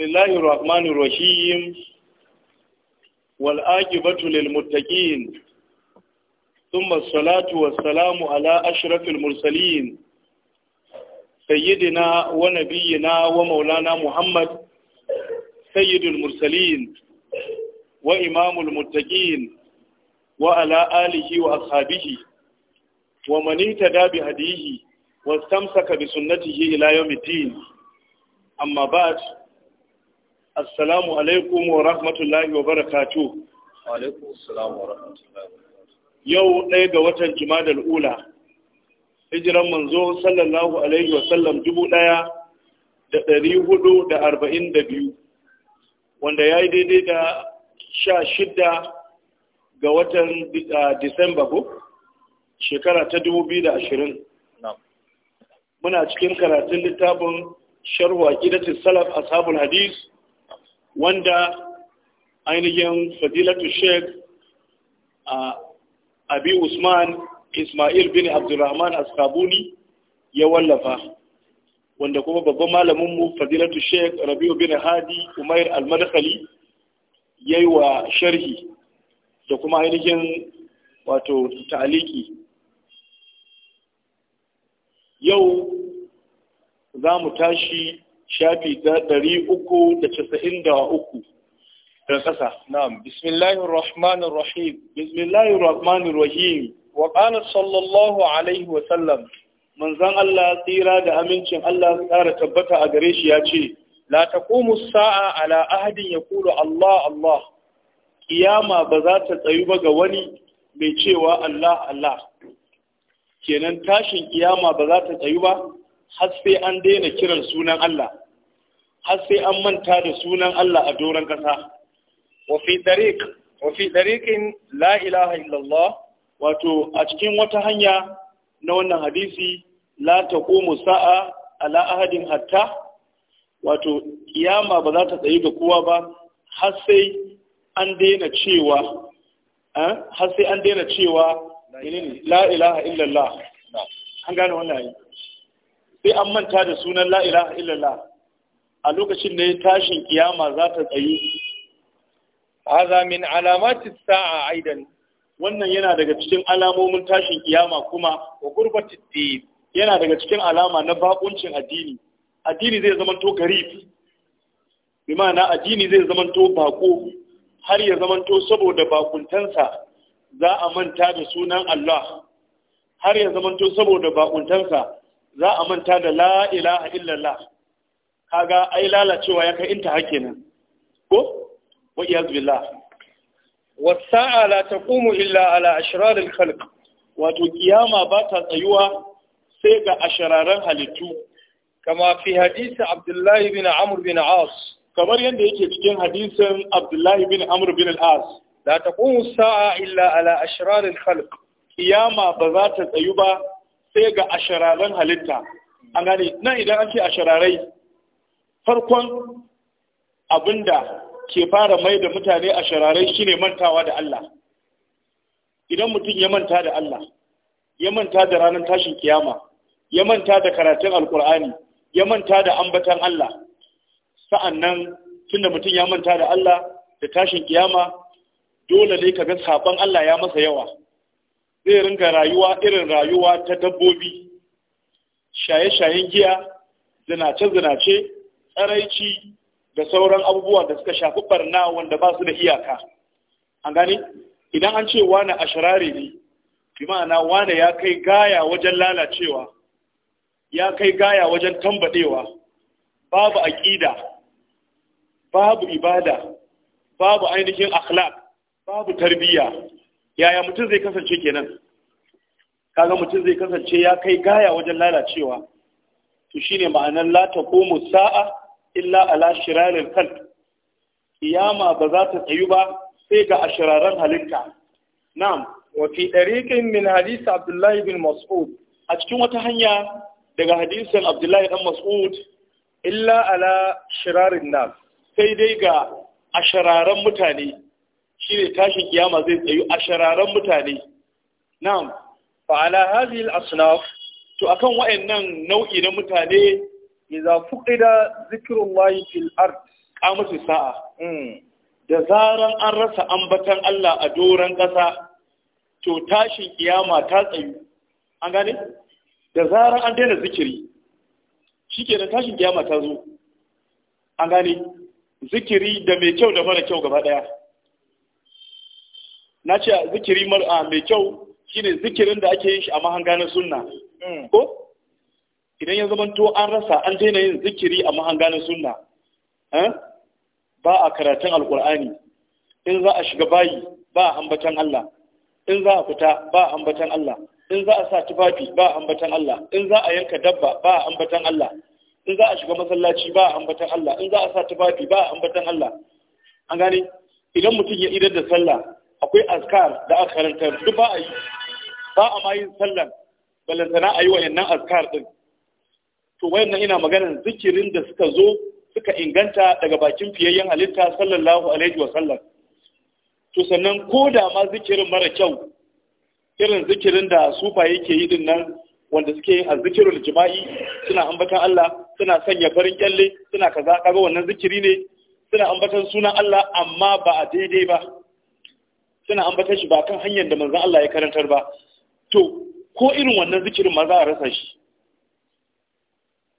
بسم الله الرحمن الرحيم والآجبة للمتقين ثم الصلاة والسلام على أشرف المرسلين سيدنا ونبينا ومولانا محمد سيد المرسلين وإمام المتقين وعلى آله وأصحابه ومن اهتدى بهديه واستمسك بسنته إلى يوم الدين أما بعد assalamu alaikum wa rahmatullahi wa barakatu yau ɗaya ga watan jimadar ula hijiran manzo sallallahu alaihi wa sallam dubu ɗaya da ɗari hudu da arba'in da biyu wanda ya yi daidai da sha shida ga watan disamba ko shekara ta dubu biyu da ashirin muna cikin karatun littafin sharhu aqidatus salaf ashabul hadis wanda ainihin fadilatu sheik a abi usman ismail bin abdulrahman askabuni ya wallafa wanda kuma babban malaminmu fadilatu sheik rabiu bin hadi umair almadkhali ya yi wa sharhi da kuma ainihin wato ta'aliki yau za mu tashi shafi ta ɗari uku da casa'in da uku da ƙasa. Na'am, bismillahir rahmanir rahim. Bismillahir rahmanir rahim. Wa qala sallallahu alaihi wa sallam. Manzan Allah tsira da amincin Allah tsara tabbata a gare shi ya ce, La taqumu sa'a ala ahadin ya yaqulu Allah Allah. Kiyama ba za ta tsayu ba ga wani mai cewa Allah Allah. Kenan tashin kiyama ba za ta tsayu ba har sai an daina kiran sunan Allah har sai an manta da sunan Allah a doron ƙasa wa fi tariq la ilaha illallah wato a cikin wata hanya na wannan hadisi la taqumu sa'a ala ahadin hatta wato kiyama ba za ta tsaye ga kowa ba har sai an daina cewa eh, har sai an daina cewa la ilaha illallah an gane wannan sai an manta da sunan la ilaha illallah a lokacin ya tashin kiyama za ta tsayu hadha min alamatis sa'a aidan wannan yana daga cikin alamomin tashin kiyama kuma wa gurbati din yana daga cikin alama na bakuncin addini addini zai zama to garib bi ma'ana addini zai zama to bako har ya zama to saboda bakuntansa za a manta da sunan Allah har ya zama to saboda bakuntansa za a manta da la ilaha illallah kaga ai lalacewa ya kai inta hake nan ko wa iyaz billah wasa'a la taqumu illa ala ashirarin al khalq wato kiyama ba ta tsayuwa sai ga ashararan halittu kama fi hadisi abdullahi bin Amur bin as kamar yadda yake cikin hadisin abdullahi bin Amur bin al-as la taqumu sa'a illa ala ashirarin al khalq kiyama ba za ta tsayu ba sai ga ashararen halitta an gane nan idan an ce ashararai farkon abinda ke fara mai da mutane ashararai shine mantawa da Allah idan mutum ya manta da Allah ya manta da ranar tashin kiyama ya manta da karatun alkur'ani ya manta da ambatan Allah sa'an nan tunda mutum ya manta da Allah da tashin kiyama dole ne ka ga saban Allah ya masa yawa zai ringa rayuwa irin rayuwa ta dabbobi shaye-shayen giya zinace-zinace tsaraici da sauran abubuwa da suka shafi barna wanda ba su da iyaka an gani idan an ce wane a shirare ne fi ma'ana wane ya kai gaya wajen lalacewa ya kai gaya wajen tambadewa babu aƙida babu ibada babu ainihin akhlaq babu tarbiyya yaya mutum zai kasance kenan kaga mutum zai kasance ya kai gaya wajen lalacewa to shine ma'anar la taqumu sa'a illa ala shirarin kan. kiyama ba za ta tsayu ba sai ga ashiraran halitta na'am wa fi dariqin min hadith abdullah ibn mas'ud a cikin wata hanya daga hadisin abdullah ibn mas'ud illa ala shirarin nas sai dai ga ashiraran mutane shi ne tashin kiyama zai tsayu a shararen mutane na'am fa ala hadhihi al-asnaf to akan nan nau'i na mutane idza fuqida zikrullahi fil ard qamatu sa'a hmm. da zaran an rasa ambatan Allah a doran kasa to tashin kiyama ta tsayu an gane da zaran an daina zikiri shikenan tashin kiyama ta zo an gane zikiri da mai kyau da mara kyau gaba daya na ce zikiri ah, mai kyau shine zikirin da ake yin shi a mahanga na sunna mm. ko idan ya zama to an rasa an daina yin zikiri a mahanga na sunna eh, ba a karatun alkur'ani in za a shiga bayi ba a hambatan Allah in za a fita ba a hambatan Allah in za a sa tufafi ba a hambatan Allah in za a yanka dabba ba a hambatan Allah in za a shiga masallaci ba a hambatan Allah in za a sa tufafi ba a hambatan Allah an gane idan mutum ya idar da sallah akwai azkar da aka karanta duk ba a yi ba a ma yin sallan balantana a yi wayannan azkar din to wayannan ina maganar zikirin da suka zo suka inganta daga bakin fiyayyen halitta sallallahu alaihi wa sallam to sannan ko da ma zikirin mara kyau irin zikirin da sufa yake yi din nan wanda suke yin azzikirul jima'i suna ambatan Allah suna sanya farin kyalle suna kaza kaga wannan zikiri ne suna ambatan sunan Allah amma ba a daidai ba suna ambata shi ba kan hanyar da manzan Allah ya karantar ba to ko irin wannan zikirin ma za a rasa shi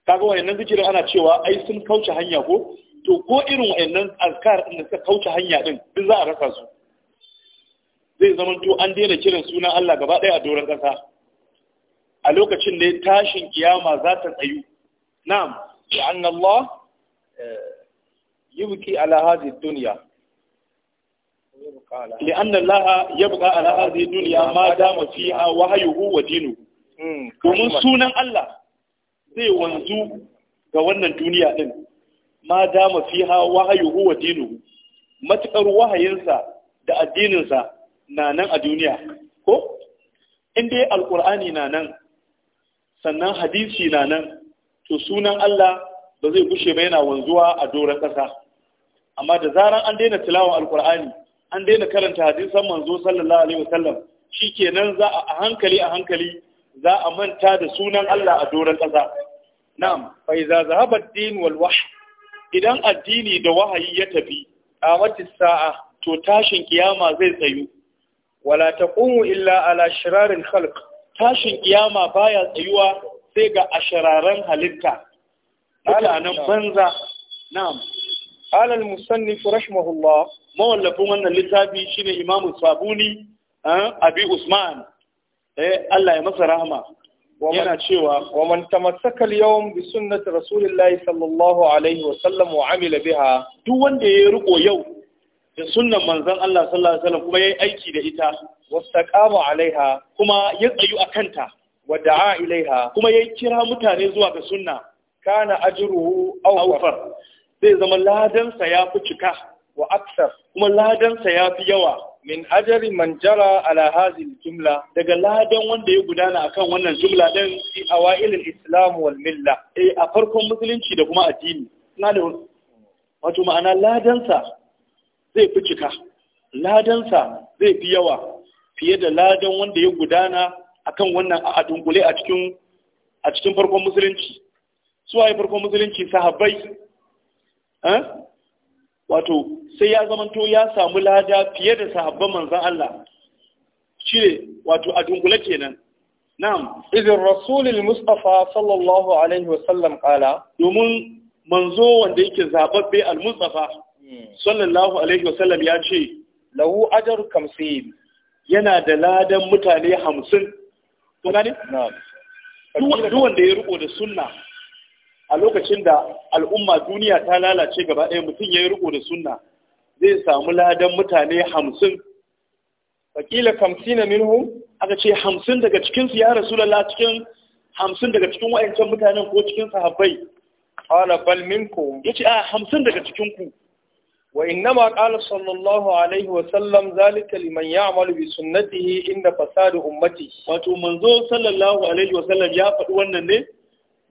kaga wannan zikirin ana cewa ai sun kauce hanya ko to ko irin wannan azkar din da suka kauce hanya din in za a rasa su zai zama to an daina kiran sunan Allah gaba ɗaya a doron ƙasa a lokacin da tashin kiyama za ta tsayu na'am ya Allah eh, yubki ala hadhihi duniya. لأن الله يبقى على هذه الدنيا ما دام فيها وحيه ودينه domin sunan Allah zai wanzu ga wannan duniya din ma dama fiha wahayuhu wa dinuhu wahayinsa da addininsa na nan a duniya ko in dai Alƙur'ani na nan sannan hadisi na nan to sunan Allah ba zai bushe ba yana wanzuwa a doron ƙasa amma da zaran an daina tilawar alkur'ani an daina karanta hadisan manzo sallallahu alaihi wasallam shikenan za a hankali a hankali za a manta da sunan Allah a doron kasa. na'am fa iza zahaba ad-din wal wahyi idan addini da wahayi ya tafi a wata sa'a to tashin kiyama zai tsayu wala taqumu illa ala shirarin khalq tashin kiyama baya tsayuwa sai ga ashararan halitta ala nan banza na'am ala al-musannif rahimahullah mawallafin wannan littafi shine imamu sabuni abi usman eh Allah ya masa rahama yana cewa wa man tamassaka al-yawm bi sunnati rasulillahi sallallahu alaihi wa sallam wa amila biha duk wanda ya riko yau da sunnan manzon Allah sallallahu alaihi wasallam kuma yayi aiki da ita wastaqama alaiha kuma ya tsayu akanta wa da'a ilaiha kuma yayi kira mutane zuwa ga sunna kana ajruhu awfar zai zama ladan sa ya fi cika wa aksar kuma ladansa ya fi yawa min ajari man jara ala hazil jumla daga ladan wanda ya gudana akan wannan jumla din fi wa'ilin islam wal milla eh a farkon musulunci da kuma addini na da wato ma'ana ladansa zai fi cika ladansa zai fi yawa fiye da ladan wanda ya gudana akan wannan a dunkule a cikin a cikin farkon musulunci suwaye farkon musulunci sahabbai eh wato sai ya zamanto ya samu lada fiye da sahabban manzan Allah shi ne wato a dunkule kenan na'am idan rasulul mustafa sallallahu alaihi wasallam kala domin manzo wanda yake zababbe al mustafa hmm. sallallahu alaihi wasallam ya ce lahu ajru kamsin yana da ladan mutane hamsin kun gane na'am duk wanda ya riko da sunna a lokacin da al'umma duniya ta lalace gaba ɗaya mutum ya yi riko da sunna zai samu ladan mutane hamsin wakila kamsi na minhu aka ce hamsin daga cikinsu ya rasu lalla cikin hamsin daga cikin wa'ancan mutanen ko cikin sahabbai ƙala bal minku ya ce a hamsin daga cikinku wa innama ƙala sallallahu alaihi wa sallam zalika liman ya'malu bi sunnatihi inda fasadu ummati wato manzo sallallahu alaihi wa sallam ya faɗi wannan ne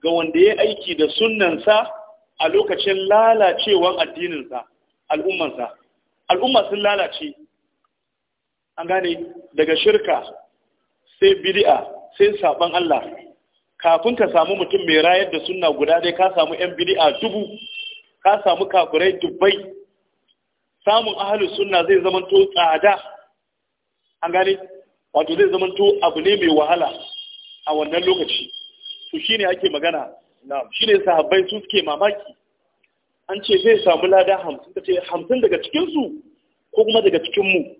ga wanda ya aiki da sunansa a lokacin lalacewan addininsa al'ummansa al'umma sun lalace an gane daga shirka sai bid'a sai saban Allah kafin ka samu mutum mai rayar da sunna guda dai ka samu yan bid'a dubu ka samu kafirai dubbai samun ahalus sunna zai zamanto tsada an gane wato zai zamanto abu ne mai wahala a wannan lokaci shi shine ake magana shine sahabbai su suke mamaki an ce zai samu lada hamsin ta ce hamsin daga cikinsu ko kuma daga cikinmu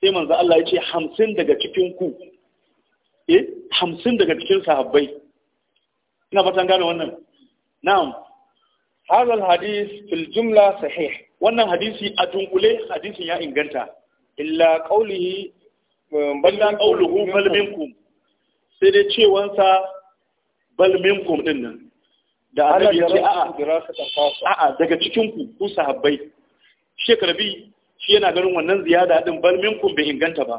sai manzo Allah ya ce hamsin daga cikinku eh hamsin daga cikin sahabbai ina fatan gane wannan na'am hadha hadis fil jumla sahih wannan hadisi a dunkule hadisin ya inganta illa qawlihi eh, balla qawluhu fal minkum sai dai cewansa bal minkum din nan da annabi ce a a daga cikin ku ku sahabbai shekarabi shi yana ganin wannan ziyada din bal minkum bai inganta ba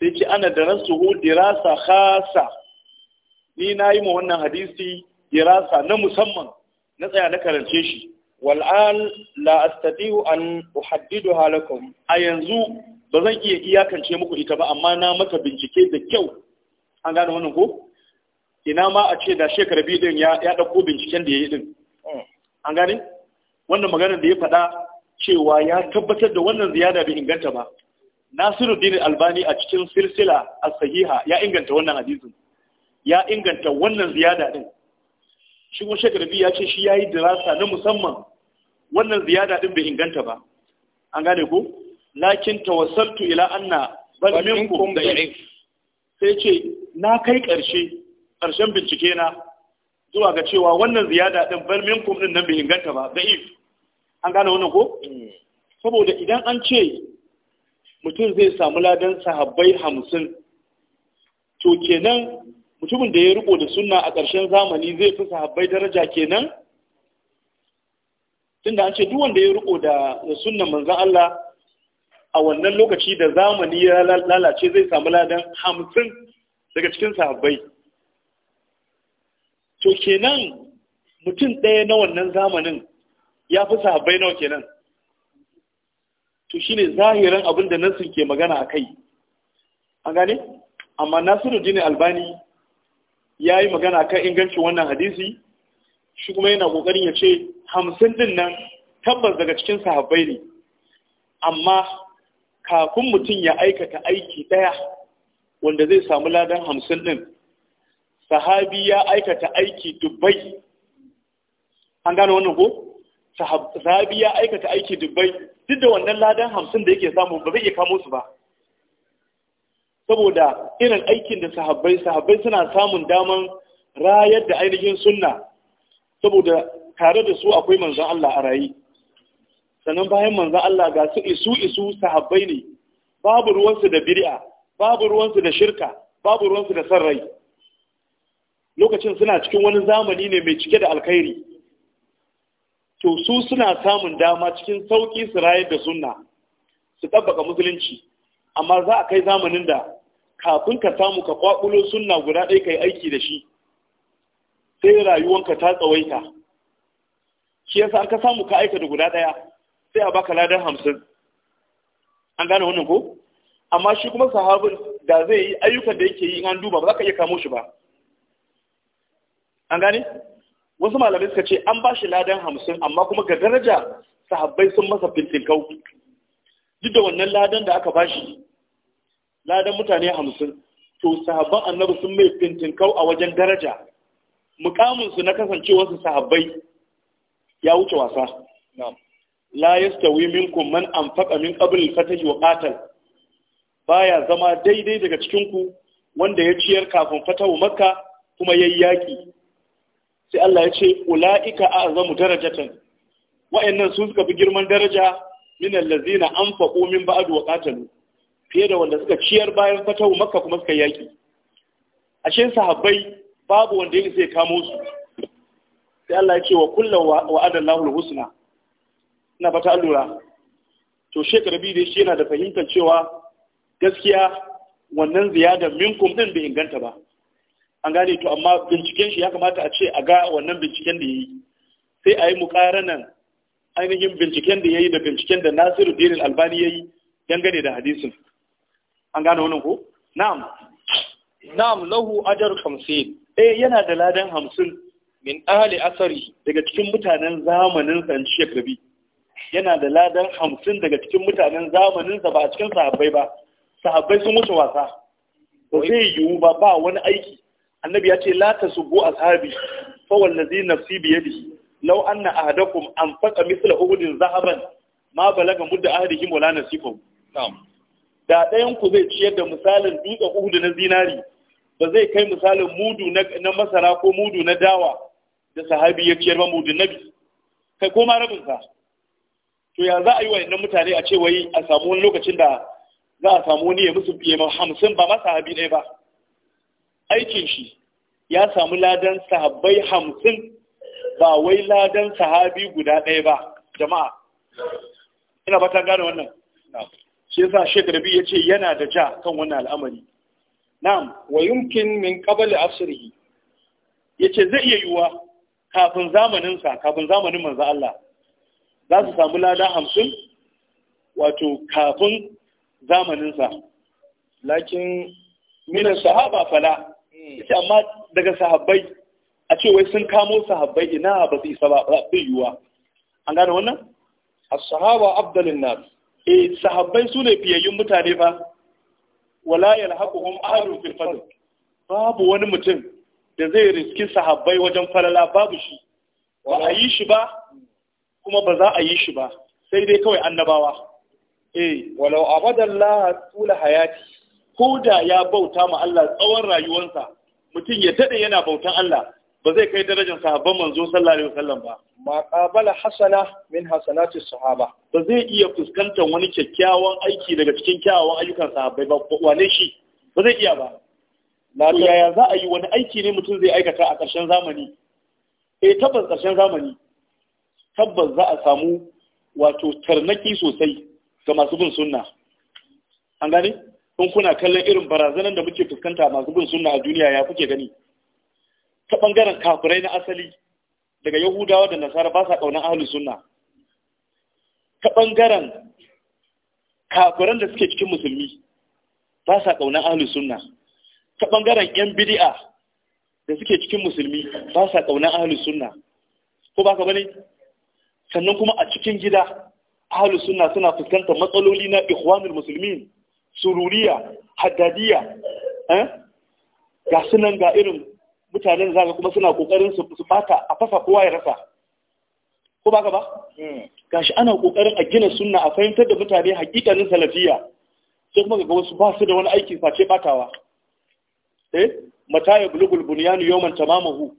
sai ce ana darasuhu dirasa khasa ni nayi ma wannan hadisi dirasa na musamman na tsaya na karance shi wal'an la astati'u an uhaddidu halakum a yanzu ba zan iya iyakance muku ita ba amma na mata bincike da kyau an gane wannan ko ina ma a ce da shekara biyu din ya dauko binciken da ya yi din mm. an gane wannan maganar da ya faɗa cewa ya tabbatar da wannan ziyada bai inganta ba Nasiruddin Albani a cikin silsila as-sahiha ya inganta wannan hadisin ya inganta wannan ziyada din shi kuma shekara biyu ya ce shi yayi dirasa na musamman wannan ziyada din bai inganta ba an gane ko lakin tawassaltu ila anna bal minkum da'if sai ce na kai ƙarshe ƙarshen bincike na zuwa ga cewa wannan ziyada ɗin bar min kumɗin nan bai inganta ba da if an gane wannan ko mm. saboda idan an ce mutum zai samu ladan sahabbai hamsin to kenan mutumin da ya riko da suna a ƙarshen zamani zai fi sahabbai daraja kenan tunda an ce duk wanda ya riko da sunna manzon Allah a wannan lokaci da zamani ya lalace zai samu ladan hamsin daga cikin sahabbai to kenan mutum ɗaya na wannan zamanin ya fi sahabbai nawa kenan to shine zahirin abin da nasu ke magana a kai an gane amma nasiru dini albani ya yi magana kan ingancin wannan hadisi shi kuma yana ƙoƙarin ya ce hamsin din nan tabbas daga cikin sahabbai ne amma kafin mutum ya aikata aiki ɗaya wanda zai samu ladan hamsin din sahabi ya aikata aiki dubbai an gano wannan ko sahabi ya aikata aiki dubbai duk da wannan ladan hamsin da yake samu ba zai iya kamo su ba saboda irin aikin da sahabbai sahabbai suna samun daman rayar da ainihin sunna saboda tare da su akwai manzon Allah a rayi sannan bayan manzon Allah ga su isu isu sahabbai ne babu ruwansu da bid'a babu ruwansu da shirka babu ruwansu da sarrai lokacin suna cikin wani zamani ne mai cike da alkhairi to su suna samun dama cikin sauki su rayar da sunna su tabbaka musulunci amma za a kai zamanin da kafin ka samu ka kwakulo sunna guda ɗaya kai aiki da shi sai rayuwanka ta tsawaita shi yasa an ka samu ka aika da guda ɗaya sai a baka ladan hamsin an gane wannan ko amma shi kuma sahabin da zai yi ayyukan da yake yi in an duba ba za ka iya kamo shi ba an gane wasu malamai suka ce an ba shi ladan hamsin amma kuma ga daraja sahabbai sun masa fintin kau. duk da wannan ladan da aka bashi, ladan mutane hamsin to sahabban annabi sun mai kau a wajen daraja mukaminsu na kasancewarsu sahabbai ya wuce wasa la yastawi minkum man anfaqa min qabl al-fatah wa qatal baya zama daidai daga cikin ku wanda ya ciyar kafin fatahu makka kuma yayi yaƙi. sai Allah ya ce ula'ika a'zamu darajatan wa'annan su suka fi girman daraja min allazina anfaqu min ba'd wa qatalu fiye da wanda suka ciyar bayan fatahu makka kuma suka yaki ashe sahabbai babu wanda yake sai kamo su sai Allah ya ce wa kullu wa'ada Allahu husna ina fata allura to shekara dai shi yana da fahimtar cewa gaskiya wannan ziyadar minkum din bai inganta ba an gane to amma binciken shi ya kamata a ce a ga wannan binciken da ya yi sai a yi mukaranan ainihin binciken da ya yi da binciken da nasiru dinin albani ya yi dangane da hadisin an gane wannan ko na'am na'am lahu ajar hamsin eh yana da ladan hamsin min ahli asari daga cikin mutanen zamanin san shek rabi yana da ladan hamsin daga cikin mutanen zamanin sa ba a cikin sahabbai ba sahabbai sun wuce wasa ba zai yiwu ba ba wani aiki annabi ya ce la tasubbu ashabi fa wallazi nafsi bi yadihi law anna ahadakum anfaqa mithla uhudin zahaban ma balaga mudda ahadihim wala nasifahu na'am da ɗayan ku zai ciyar da misalin dutsen uhudu na zinari ba zai kai misalin mudu na masara ko mudu na dawa da sahabi ya ciyar ba mudu nabi kai ko ma rabin sa to ya za a yi wa'annan mutane a ce wai a samu wani lokacin da za a samu wani ya musu biye hamsin ba ma sahabi ɗaya ba aikin shi ya samu ladan sahabbai hamsin ba wai ladan sahabi guda ɗaya ba jama'a ina ba ta gane wannan shi yasa Sheikh Rabi ya ce yana da ja kan wannan al'amari na'am wa yumkin min qabl asrihi yace zai iya yiwuwa kafin zamanin kafin zamanin manzo Allah za su samu lada hamsin wato kafin zamanin lakin min sahaba fala yace amma daga sahabbai a ce wai sun kamo sahabbai ina ba su isa ba bai yiwuwa an gane wannan as-sahaba abdalin nas eh sahabbai su ne fiyayyun mutane ba wala yalhaquhum ahadun fil fadl babu wani mutum da zai riski sahabbai wajen falala babu shi ba a yi shi ba kuma ba za a yi shi ba sai dai kawai annabawa eh walau abadallah tula hayati ko da ya bauta ma Allah tsawon rayuwarsa mutum ya daɗe yana bautan Allah ba zai kai darajar sahabban manzo sallallahu alaihi wasallam ba ma qabala hasana min hasanati sahaba ba zai iya fuskantar wani kyakkyawan aiki daga cikin kyawawan ayyukan sahabbai ba wane shi ba zai iya ba na yaya za a yi wani aiki ne mutum zai aikata a ƙarshen zamani eh tabbas ƙarshen zamani tabbas za a samu wato tarnaki sosai ga masu bin sunna an gane in kuna kallon irin barazanar da muke fuskanta masu bin sunna a duniya ya kuke gani ta ɓangaren kafirai na asali daga yahudawa da nasara ba sa ƙaunar ahli sunna ta ɓangaren kafiran da suke cikin musulmi ba sa ƙaunar ahli sunna ta ɓangaren yan bidi'a da suke cikin musulmi ba sa ƙaunar ahli sunna ko ba ka bane sannan kuma a cikin gida ahli sunna suna fuskantar matsaloli na ikhwanul muslimin sururiya haddadiya eh? ga sunan ga irin mutanen zaga kuma suna kokarin su bata a fasa kowa ya rasa ko baka ba hmm. gashi ana kokarin a gina sunna a fahimtar da mutane hakikanin salafiya sai kuma ga wasu ba su da wani aiki face batawa eh mata ya bulugul bunyanu yawman tamamahu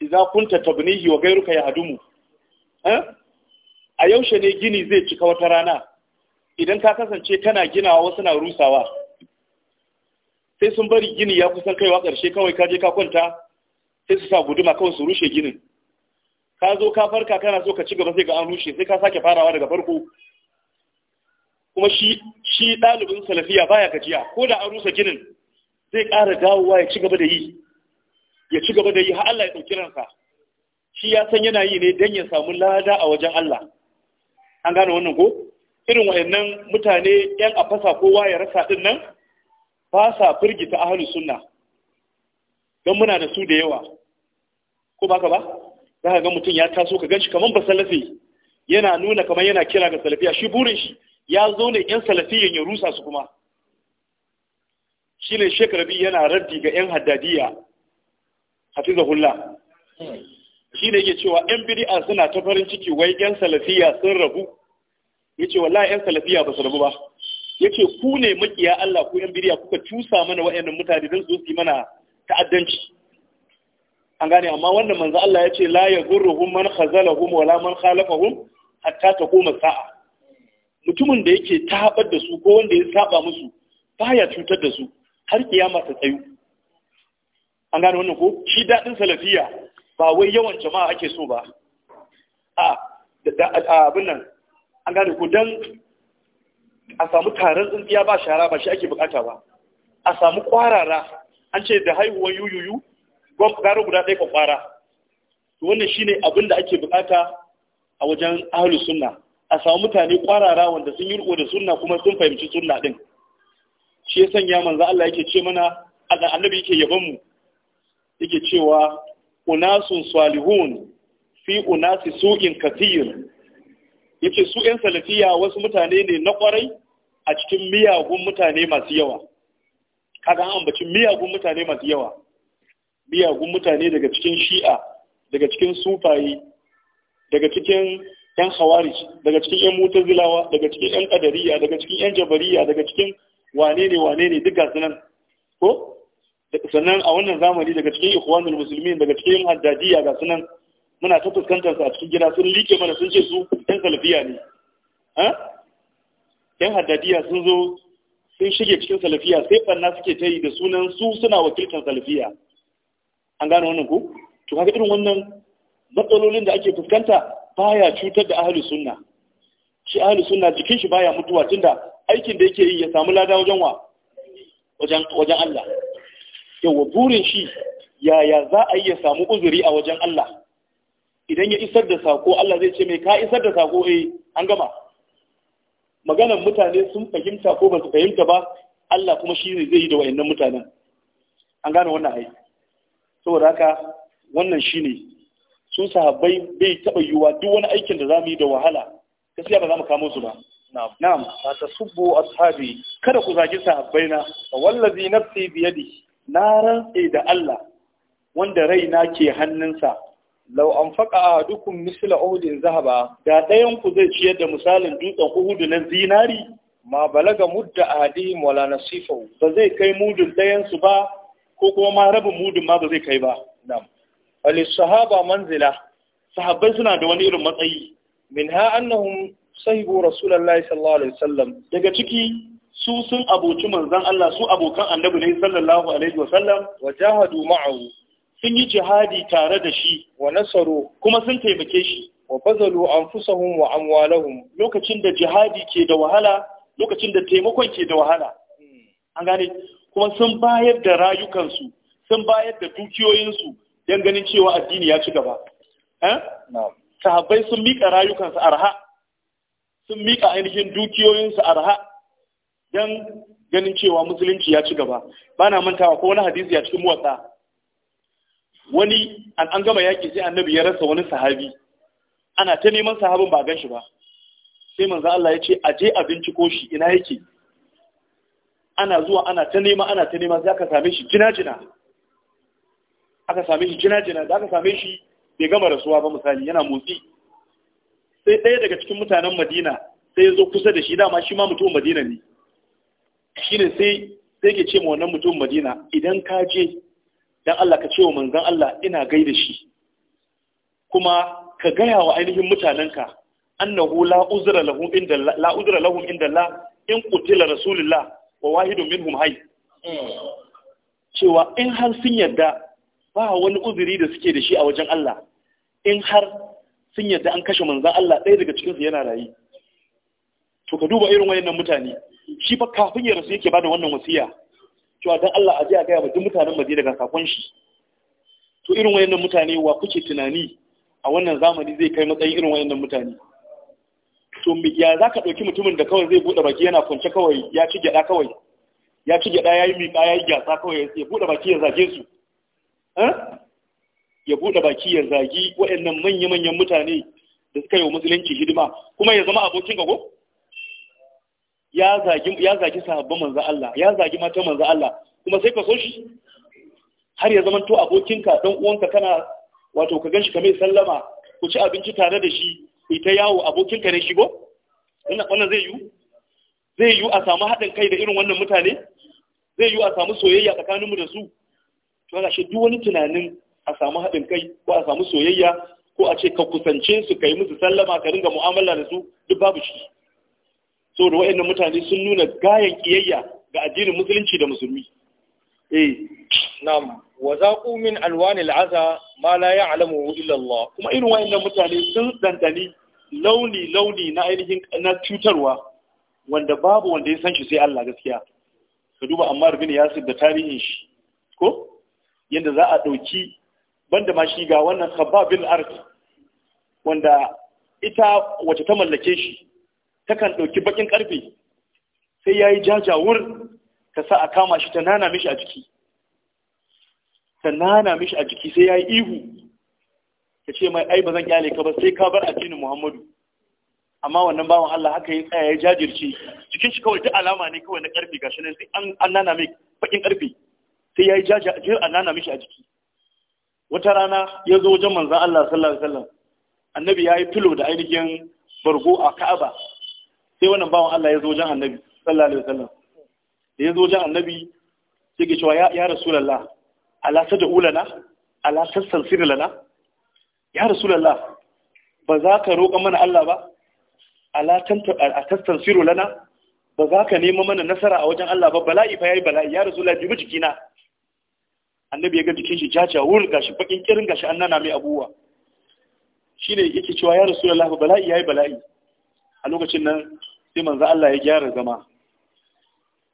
idza kunta tabnihi wa ghayruka yahdumu eh a yaushe ne gini zai cika wata rana idan ka kasance kana ginawa wasu na rusawa sai sun bari gini ya kusan kaiwa ƙarshe kawai ka je ka kwanta sai su sa guduma kawai su rushe ginin ka zo ka farka kana so ka ci gaba sai ga an rushe sai ka sake farawa daga farko kuma shi ɗalibin salafiya baya gajiya ko da an rusa ginin zai ƙara dawowa ya ci gaba da yi ya ci gaba da yi har Allah ya ɗauki ransa shi ya san yana yi ne don ya samu lada a wajen Allah an gane wannan ko irin wayannan mutane yan afasa kowa ya rasa din nan ba sa firgita ahlu sunna don muna da su da yawa ko ba ka ba za ka ga mutum ya taso ka gan shi? Kamar ba salafi yana nuna kamar yana kira ga salafiya shi burin shi ya zo ne yan salafiyan ya rusa su kuma shine Sheikh Rabi yana raddi ga yan haddadiya hmm. Shi ne yake cewa yan bid'a suna ta farin ciki wai yan salafiya sun rabu Ya ce, wallahi yan salafiya ba su rabu ba Ya ce, ku ne makiya Allah ku yan biriya kuka cusa mana wayannan mutane don su yi mana ta'addanci an gane amma wannan manzo Allah ya ce, la ya yaghurruhum man khazalahum wala man khalafahum hatta taquma sa'a mutumin da yake tabar da su ko wanda ya saba musu baya cutar da su har kiyama ta tsayu an gane wannan ko shi daɗin salafiya ba wai yawan jama'a ake so ba a abin nan an gane ku don a samu taron tsintsiya ba shara ba shi ake bukata ba a samu kwarara an ce da haihuwan yuyuyu gara guda ɗaya kwakwara wannan shine abin da ake bukata a wajen ahalus sunna a samu mutane kwarara wanda sun yi riko da sunna kuma sun fahimci sunna din shi ya sanya manzo Allah yake ce mana annabi yake yaban mu yake cewa unasun salihun fi unasi su'in kathir yake su yan salafiya wasu mutane ne na kwarai a cikin miyagun mutane masu yawa kaga an ambaci miyagun mutane masu yawa miyagun mutane daga cikin shi'a daga cikin sufayi daga cikin yan hawari daga cikin yan mutazilawa daga cikin yan kadariya daga cikin yan jabariya daga cikin wane ne wane ne duka sunan ko sannan a wannan zamani daga cikin ikhwanul muslimin daga cikin haddadiya ga sunan muna ta fuskantar su a cikin gida sun liƙe mana sun ce su ɗan salafiya ne ɗan haddadiya sun zo sun shige cikin salafiya sai ɓanna suke ta yi da sunan su suna wakiltar salafiya an gane wannan ku to kaga irin wannan matsalolin da ake fuskanta baya cutar da ahlus sunna shi ahlus sunna jikin shi baya mutuwa tunda aikin da yake yi ya samu lada wajen wa wajen wajen Allah yawa burin shi yaya za a yi ya samu uzuri a wajen Allah idan ya isar da sako Allah zai ce mai ka isar da sako eh an gama maganar mutane sun fahimta ko ba su fahimta ba Allah kuma shi ne zai yi da wayannan mutanen an gane wannan ai saboda haka wannan shine Sun sahabbai bai taba yiwuwa duk wani aikin da zamu yi da wahala gaskiya ba za mu kamo su ba na'am na'am fa tasubbu ashabi kada ku zagi sahabbaina wallazi nafsi biyadi na rantse da Allah wanda raina ke hannunsa lau an faka a dukkan misila uhudin zahaba da ɗayan ku zai ciyar da misalin dutsen uhudu na zinari ma balaga mudda ahadihim wala nasifau ba zai kai mudun ɗayan su ba ko kuma ma rabin mudun ma ba zai kai ba na'am ali sahaba manzila sahabbai suna da wani irin matsayi min ha annahum sahibu rasulullahi sallallahu alaihi wasallam daga ciki su sun aboci manzon Allah su abokan annabi ne sallallahu alaihi wasallam wa jahadu ma'ahu sun yi jihadi tare da shi wa nasaru kuma sun taimake shi wa bazalu anfusahum wa amwalahum lokacin da jihadi ke da wahala lokacin da taimakon ke da wahala an gane kuma sun bayar da rayukansu sun bayar da dukiyoyinsu don ganin cewa addini ya ci gaba eh? sahabbai sun miƙa rayukansu arha sun miƙa ainihin dukiyoyinsu arha don ganin cewa musulunci ya ci gaba ba na mantawa ko wani hadisi a cikin motsa wani an an gama yaƙi sai annabi ya rasa wani sahabi ana ta neman sahabin ba gan shi ba sai manzo Allah ya ce a je a binciko shi ina yake ana zuwa ana ta nema ana ta nema sai aka same shi jina-jina aka same shi jina-jina da aka same shi bai gama rasuwa ba misali yana motsi sai ɗaya daga cikin mutanen madina sai ya zo kusa da shi dama shi ma mutum madina ne shi ne sai sai ke ce ma wannan mutum madina idan ka je dan Allah ka ce wa Manzan Allah ina gaida shi kuma ka gaya wa ainihin mutanenka annahu la uzra lahum inda la uzra in qutila rasulullah wa wahidun minhum hay cewa in har sun yadda ba wani uzuri da suke da shi a wajen Allah in har sun yadda an kashe Manzan Allah ɗaya daga cikinsu yana rayi to ka duba irin wayannan mutane shi fa kafin ya rasu yake bada wannan wasiya cewa don Allah a a gaya wa mutanen Madina daga sakon shi to irin wayannan mutane wa kuke tunani a wannan zamani zai kai matsayin irin wayannan mutane to ya za ka ɗauki mutumin da kawai zai buɗa baki yana kwance kawai ya ci gyada kawai ya ci gyada ya yi miƙa ya yi gyasa kawai ya buɗa baki ya zage su eh? ya buɗa baki ya zagi waɗannan manya-manyan mutane da suka yi wa musulunci hidima kuma ya zama abokin gago ya zagi sahabban manzo Allah ya zagi matan manzan Allah kuma sai ka so shi har ya zama to abokinka dan uwanka kana wato ka ganshi kamar sallama ku ci abinci tare da shi ita yawo abokinka ne shigo wannan zai yi zai yi a samu haɗin kai da irin wannan mutane zai yi a samu soyayya tsakaninmu da su to ga shi duk wani tunanin a samu haɗin kai ko a samu soyayya ko a ce ka kusance su ka yi musu sallama ka ringa mu'amala da su duk babu shi da wayannan mutane sun nuna gayan kiyayya ga addinin musulunci da musulmi eh na'am wa zaqu min alwan al'aza ma la ya'lamu illa Allah kuma irin wayannan mutane sun dandani launi launi na ainihin na cutarwa wanda babu wanda ya san shi sai Allah gaskiya ka duba amma rubin ya da tarihin shi ko yanda za a dauki banda ma shi ga wannan Khabbab bin Arq wanda ita wace ta mallake shi takan ɗauki bakin ƙarfe sai ya yi jajawur ta sa a kama shi ta nana mishi a jiki ta nana mishi a jiki sai ya yi ihu ta ce mai ai ba zan kyale ka ba sai ka bar addinin muhammadu amma wannan bawan Allah haka ya tsaya ya jajirce jikin shi kawai duk alama ne kawai na ƙarfe gashi nan sai an nana mai bakin ƙarfe sai ya yi a an nana mishi a jiki wata rana ya zo wajen manzan Allah sallallahu alaihi wasallam annabi ya yi filo da ainihin bargo a ka'aba sai wannan bawan Allah ya zo wajen annabi sallallahu alaihi wasallam da ya zo wajen annabi sai ke cewa ya rasulullah ala sada ulana ala sassan sirlana ya rasulullah ba za ka roƙa mana Allah ba ala tanta a tastan sirlana ba za ka nema mana nasara a wajen Allah ba bala'i fa yayi bala'i ya rasulullah jibi jikina annabi ya ga jikin shi jaja wurin gashi bakin kirin gashi an nana mai abuwa shine yake cewa ya rasulullah bala'i yayi bala'i a lokacin nan sai manzo Allah ya gyara zama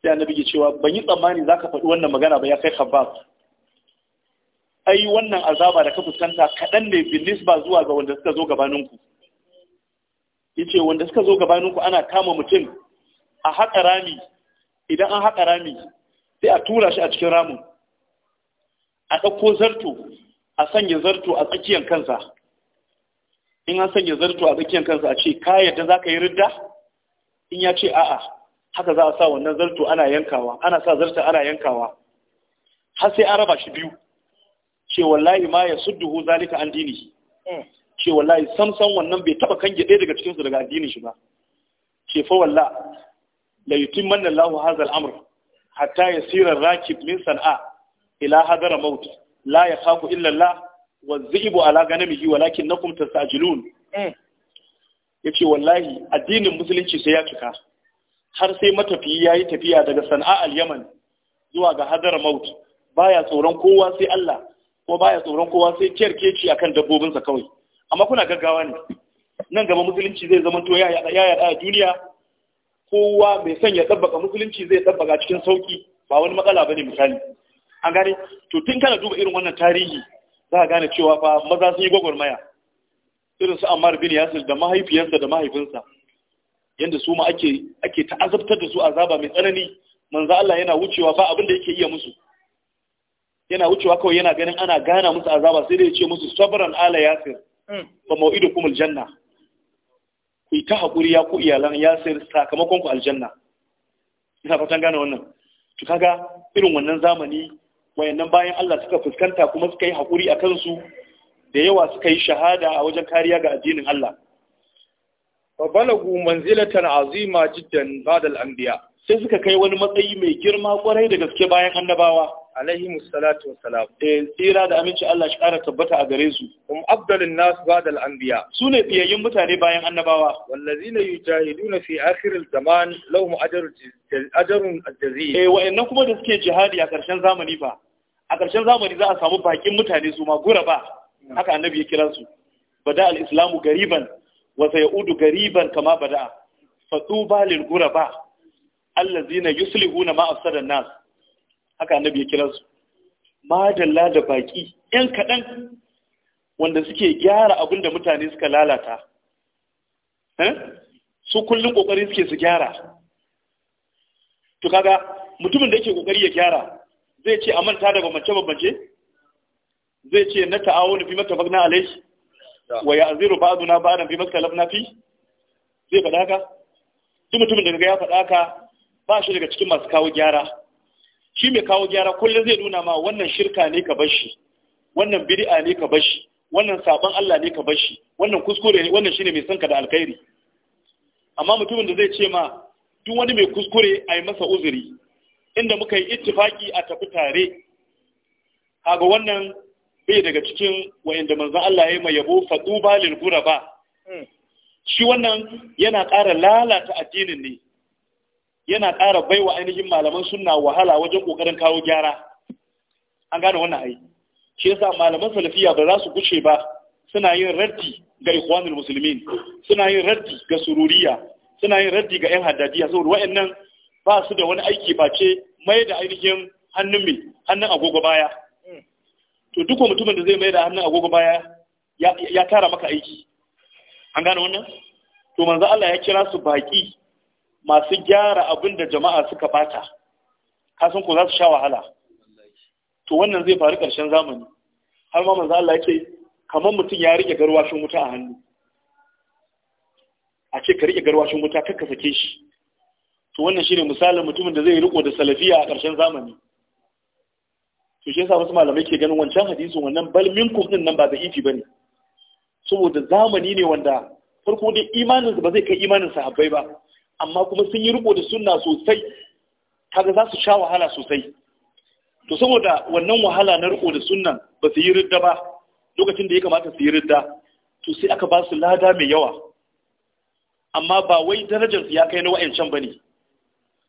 sai annabi ya cewa ban yi tsammani zaka faɗi wannan magana ba ya kai khabbab ai wannan azaba da ka fuskanta kadan ne bilisba zuwa ga wanda suka zo gabanin ku yace wanda suka zo gabanin ku ana kama mutum a haƙa rami idan an haƙa rami sai a tura shi a cikin ramin a ɗauko zarto a sanya zarto a tsakiyar kansa in an sanya zarto a tsakiyar kansa a ce ka yadda za ka yi ridda in ya ce a'a haka za a sa wannan zarto ana yankawa ana sa zarta ana yankawa har sai an raba shi biyu ce wallahi ma ya sudduhu zalika an shi hmm. ce wallahi samsan wannan bai taba kange ɗaya daga cikinsu daga addinin shi ba ce fa walla la yutimmanna Allahu hadha al-amr hatta yasira rakib min san'a ila hadara maut la yakhafu illa Allah wa zibu ala ganamihi nakum tasajilun hmm. ya ce wallahi addinin musulunci sai ya cika har sai matafiyi ya yi tafiya daga sana'a al-yaman zuwa ga hadar maut baya tsoron kowa sai Allah ko baya tsoron kowa sai kerkeci akan dabbobinsa kawai amma kuna gaggawa ne nan gaba musulunci zai zama to ya yada a duniya kowa mai son ya dabbaka musulunci zai tsabbaka cikin sauki ba wani matsala bane misali an gane to tun kana duba irin wannan tarihi za a gane cewa fa maza sun yi gwagwarmaya irin su Ammar bin Yasir da mahaifiyarsa da mahaifinsa Yadda su ma ake ake ta'azabtar da su azaba mai tsanani manzo Allah yana wucewa ba abin da yake iya musu yana wucewa kawai yana ganin ana gana musu azaba sai dai ya ce musu sabran ala yasir mm. fa mau'idukum aljanna ku ta hakuri ya ku iyalan yasir sakamakon ku aljanna ina fatan gane wannan to kaga irin wannan zamani wayannan bayan Allah suka fuskanta kuma suka yi hakuri akan su da yawa suka yi shahada a wajen kariya ga addinin Allah fa balagu manzilatan azima jiddan ba'da al-anbiya sai suka kai wani matsayi mai girma kwarai da gaske bayan annabawa alaihi musallatu wassalam eh tsira da aminci Allah shi kara tabbata a gare su um afdalun nas ba'da al-anbiya ne fiyayyun mutane bayan annabawa wallazina yujahiduna fi akhir al-zaman lahum ajrun ajrun jazil eh wa'annan kuma da suke jihadi a ƙarshen zamani ba a ƙarshen zamani za a samu bakin mutane su ma gura ba haka annabi ya kiransu bada al-islamu gariban wa sayaudu gariban kama bada fatuba lil ghuraba allazina yuslihuna ma afsada nas haka annabi ya kiransu su madalla da baki yan kadan wanda suke gyara abin da mutane suka lalata eh? su kullum kokari suke su gyara to kaga mutumin da yake kokari ya gyara zai ce a manta daga mace bambance zai ce na ta'awunu fi a alayhi wa aduna ba ba'dan fi lafna fi zai faɗa haka duk mutumin da ga ya faɗa haka ba shi daga cikin masu kawo gyara shi mai kawo gyara kullum zai nuna ma wannan shirka ne ka bar shi, wannan bid'a ne ka bar shi, wannan sabon Allah ne ka bar shi, wannan kuskure ne wannan shine mai son ka da alkhairi amma mutumin da zai ce ma duk wani mai kuskure a yi masa uzuri inda muka yi ittifaki a tafi tare kaga wannan bai daga cikin wayanda manzon Allah ya mai yabo duba lil ba. Hmm. shi wannan yana ƙara lalata addinin ne yana ƙara baiwa ainihin malaman sunna wahala wajen ƙoƙarin kawo gyara an gane wannan ai shi yasa malaman salafiya ba za su guce ba suna yin raddi ga ikhwanul muslimin suna yin raddi ga sururiya suna yin raddi ga yan haddadiya saboda wayannan ba su da wani aiki face mai da ainihin hannun mai hannun agogo baya to duk wa mutumin da zai mai da hannun agogo baya ya tara maka aiki an gane wannan to manzo Allah ya kira su baki masu gyara abin da jama'a suka bata kasan ko za su sha wahala to wannan zai faru ƙarshen zamani har ma manzo Allah yake kamar mutum ya rike garwashin wuta a hannu a ce ka rike garwashin wuta kakka sake shi to wannan shine misalin mutumin da zai riko da salafiya a ƙarshen zamani to shi yasa wasu malamai ke ganin wancan hadisin wannan bal minkum din nan ba da ifi bane saboda zamani ne wanda farko dai imanin ba zai kai imanin sahabbai ba amma kuma sun yi riko da sunna sosai kaga za su sha wahala sosai to saboda wannan wahala na riko da sunnan ba su yi ridda ba lokacin da ya kamata su yi ridda to sai aka ba su lada mai yawa amma ba wai darajarsu ya kai na wa'ancan ba ne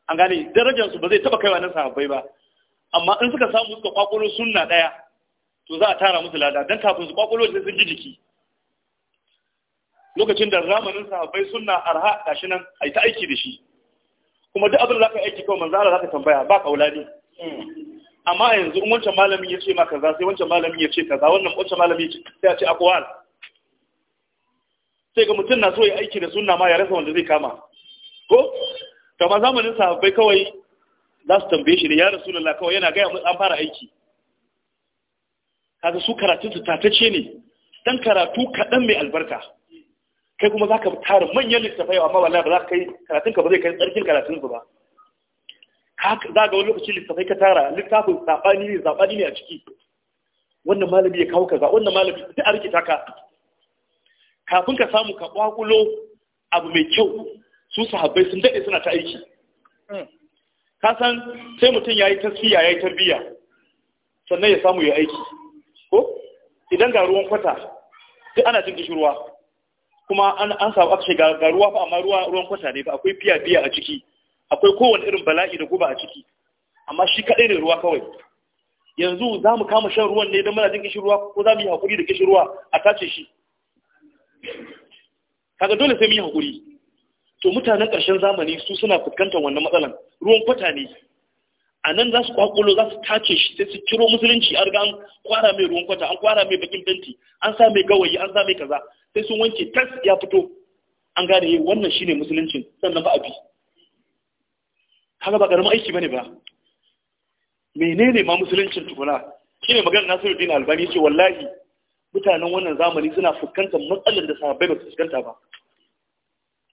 an gane darajarsu ba zai taba kaiwa na sahabbai ba amma in suka samu suka kwakwalo sunna ɗaya to za a tara musu lada don kafin su kwakwalo da sun jiki lokacin da zamanin sahabbai sunna arha gashi nan a yi ta aiki da shi kuma duk abin da zaka aiki kawai manzara za zaka tambaya ba kaula ne amma yanzu in wancan malamin ya ce ma kaza sai wancan malamin ya ce kaza wannan wancan malamin ya ce sai ya ce sai ga mutum na so ya aiki da sunna ma ya rasa wanda zai kama ko kamar zamanin sahabbai kawai za su tambaye shi ne ya rasu rasulullah kawai yana gaya an fara aiki kaga su karatun su tatacce ne dan karatu kaɗan mai albarka kai kuma za ka tara manyan littafai amma wallahi ba za ka kai karatun ka ba zai kai tsarkin karatun su ba za ga wani lokaci littafai ka tara littafin zaɓani ne saɓani ne a ciki wannan malami ya kawo kaza wannan malami duk a rikita ka kafin ka samu ka kwakulo abu mai kyau su sahabbai sun daɗe suna ta aiki hmm. Kasan sai mutum ya yi tasfiya ya yi tarbiyya sannan ya samu ya aiki ko idan ga ruwan kwata duk ana jin kishirwa kuma an samu aka ga ruwa fa amma ruwan kwata ne fa akwai biya biya a ciki akwai kowane irin bala'i da guba a ciki amma shi kaɗai ne ruwa kawai yanzu za mu kama shan ruwan ne don muna jin kishirwa ko za mu yi hakuri da kishirwa a tace shi kaga dole sai mu yi hakuri to mutanen ƙarshen zamani su suna fuskantar wannan matsalan ruwan kwata ne a nan za su kwakulo za su tace shi sai su ciro musulunci an riga an kwara mai ruwan kwata an kwara mai bakin fenti an sa mai gawayi an sa mai kaza sai sun wanke tas ya fito an gane yi eh, wannan shine musuluncin sannan ba a bi haka ba ƙaramin aiki bane ba menene ma musuluncin tukuna shine maganar Nasiruddin Albani ce wallahi mutanen wannan zamani suna fuskantar matsalar da sahabbai ba su fuskanta ba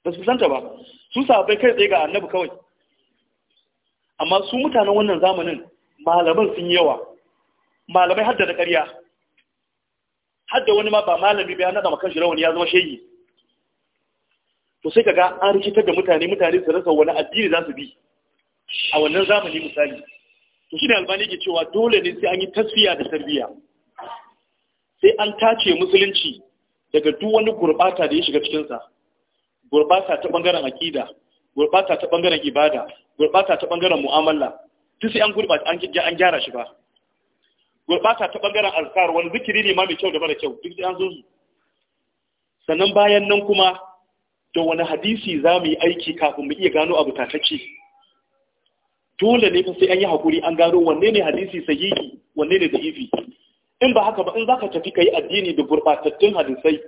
ba su fuskanta ba su sahabbai kai tsaye ga annabi kawai amma su mutanen wannan zamanin malaman sun yawa malamai hadda da ƙarya hadda wani ma ba malami ba ya nada makan shirawar ya zama shayi to sai kaga an rikitar da mutane mutane su rasa wani addini za su bi a wannan zamani misali to shi ne albani ke cewa dole ne sai an yi tasfiya da tarbiyya sai an tace musulunci daga duk wani gurbata da ya shiga cikinsa gurbata ta bangaren akida gurbata ta bangaren ibada gurbata ta bangaren mu'amala duk sai an gurbata an an gyara shi ba gurbata ta bangaren alkar wani zikiri ne ma mai kyau da mara kyau duk da an zo sannan bayan nan kuma da wani hadisi za mu yi aiki kafin mu iya gano abu tatacce dole ne fa sai an yi hakuri an gano wanne ne hadisi sahihi wanne ne da'ifi in ba haka ba in zaka tafi kai addini da gurbatattun hadisai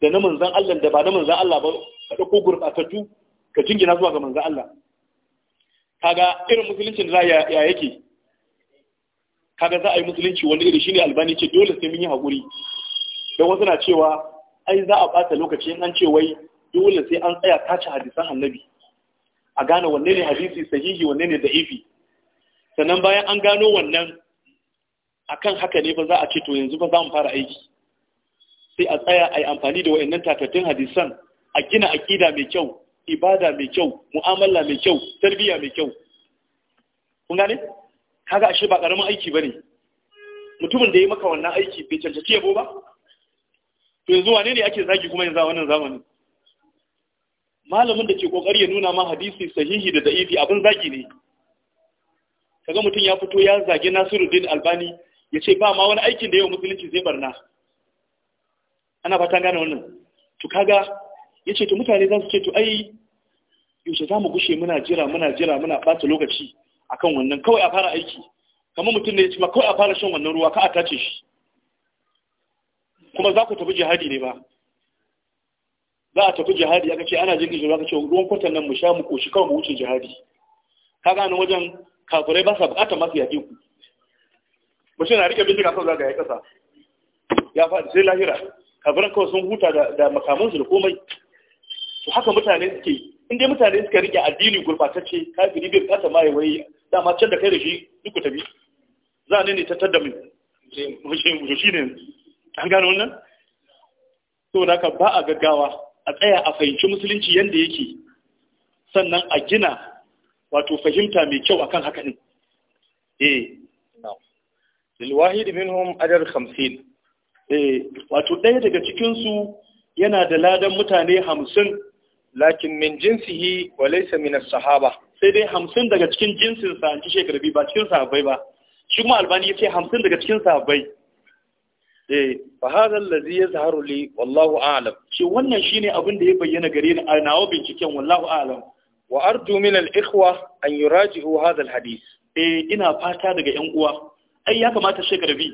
da na manzon Allah da ba na manzon Allah ba ka dauko gurbatattu ka jingina zuwa ga manzon Allah kaga irin musuluncin za ya yake kaga za a yi musulunci wani iri shine albani ce dole sai mun yi haƙuri don wasu na cewa ai za a ɓata lokaci in an ce wai dole sai an tsaya tace hadisan annabi a gane wanne ne hadisi sahihi wanne ne da'ifi sannan bayan an gano wannan akan haka ne ba za a ce to yanzu ba za mu fara aiki sai a tsaya a yi amfani da wa'annan tatattun hadisan a gina aƙida mai kyau ibada mai kyau mu'amala mai kyau tarbiyya mai kyau kun gane kaga ashe ba karamin aiki bane mutumin da ya maka wannan aiki bai cancanci yabo ba to yanzu wane ne ake zagi kuma yanzu a wannan zamanin malamin da ke kokari ya nuna ma hadisi sahihi da da'ifi abin zagi ne kaga mutum ya fito ya zage Nasiruddin Albani ya ce ba ma wani aikin da yau musulunci zai barna ana fatan gane wannan to kaga ya ce to mutane za su ce to ai yaushe za mu gushe muna jira muna jira muna ɓata lokaci akan wannan kawai a fara aiki kamar mutum ne ya ce ma kawai a fara shan wannan ruwa ka a tace shi kuma za ku tafi jihadi ne ba za a tafi jihadi aka ce ana jirgin zuwa aka ce ruwan kwatan nan mu sha mu koshi kawai mu wuce jihadi ka gane wajen kafirai ba sa bukatar masu yaƙi ku mutum na rike bindiga kawai zaga ya ƙasa ya faɗi sai lahira kafiran kawai sun huta da makamansu da komai su haka mutane suke yi in dai mutane suka rike addini gurbatacce kafiri bai kasa wai da ma can da kai da shi duk tabi za ne ne tattar da mu shi ne an gano wannan to da ka ba a gaggawa a tsaya a fahimci musulunci yanda yake sannan a gina wato fahimta mai kyau akan haka din eh lilwahid minhum ajr 50 eh wato ɗaya daga cikin su yana da ladan mutane hamsin. lakin min jinsihi wa laysa min as-sahaba sai dai hamsin daga cikin jinsin sa anci shekarbi ba cikin sahabbai ba shi kuma albani yace hamsin daga cikin sahabbai eh fa hadha alladhi yazharu li wallahu a'lam shi wannan shine abin da ya bayyana gare ni a nawa binciken wallahu a'lam wa arju min al-ikhwa an yuraji'u hadha al-hadith eh ina fata daga yan uwa ai ya kamata shekarbi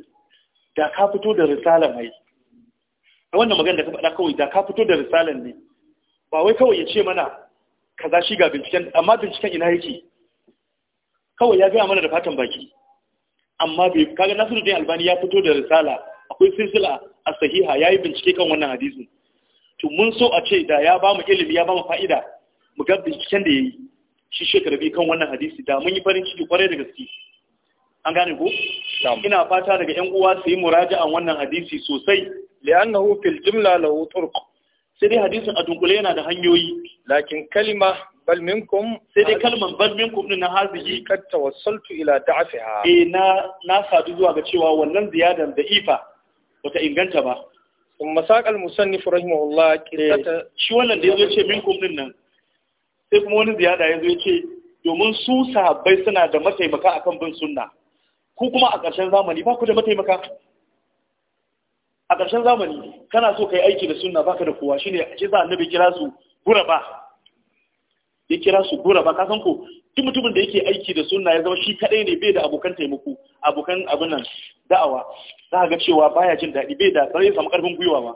da ka fito da risalan ai wannan magana da ka faɗa kawai da ka fito da risalan ne ba wai kawai ya ce mana kaza shi ga binciken amma binciken ina yake kawai ya gaya mana da fatan baki amma bai kaga Nasiruddin Albani ya fito da risala akwai silsila a sahiha ya yi bincike kan wannan hadisin to mun so a ce da ya ba mu ilimi ya ba mu fa'ida mu ga binciken da ya yi shi biyu kan wannan hadisi da mun yi farin ciki kwarai da gaske an gane ko ina fata daga yan uwa su yi a wannan hadisi sosai li'annahu fil jumla lahu turq sai dai hadisin a dunkule yana da hanyoyi lakin kalima bal minkum sai dai kalman bal minkum din na hazihi kad tawassaltu ila eh, na na sadu zuwa ga cewa wannan ziyadan da ifa bata inganta ba ثم ساق المصنف رحمه الله shi wannan da yazo ce minkum din nan sai kuma wani ziyada yazo ya domin su sahabbai suna da mataimaka akan bin sunna ku kuma a ƙarshen zamani ba ku da mataimaka a ƙarshen zamani kana so ka yi aiki da suna baka da kowa shine shi za annabi kira su ba ya kira su gura ka san ko duk mutumin da yake aiki da suna ya zama shi kadai ne bai da abokan taimako abokan abin da'awa za ga cewa baya jin daɗi bai da sai samu ƙarfin gwiwa ba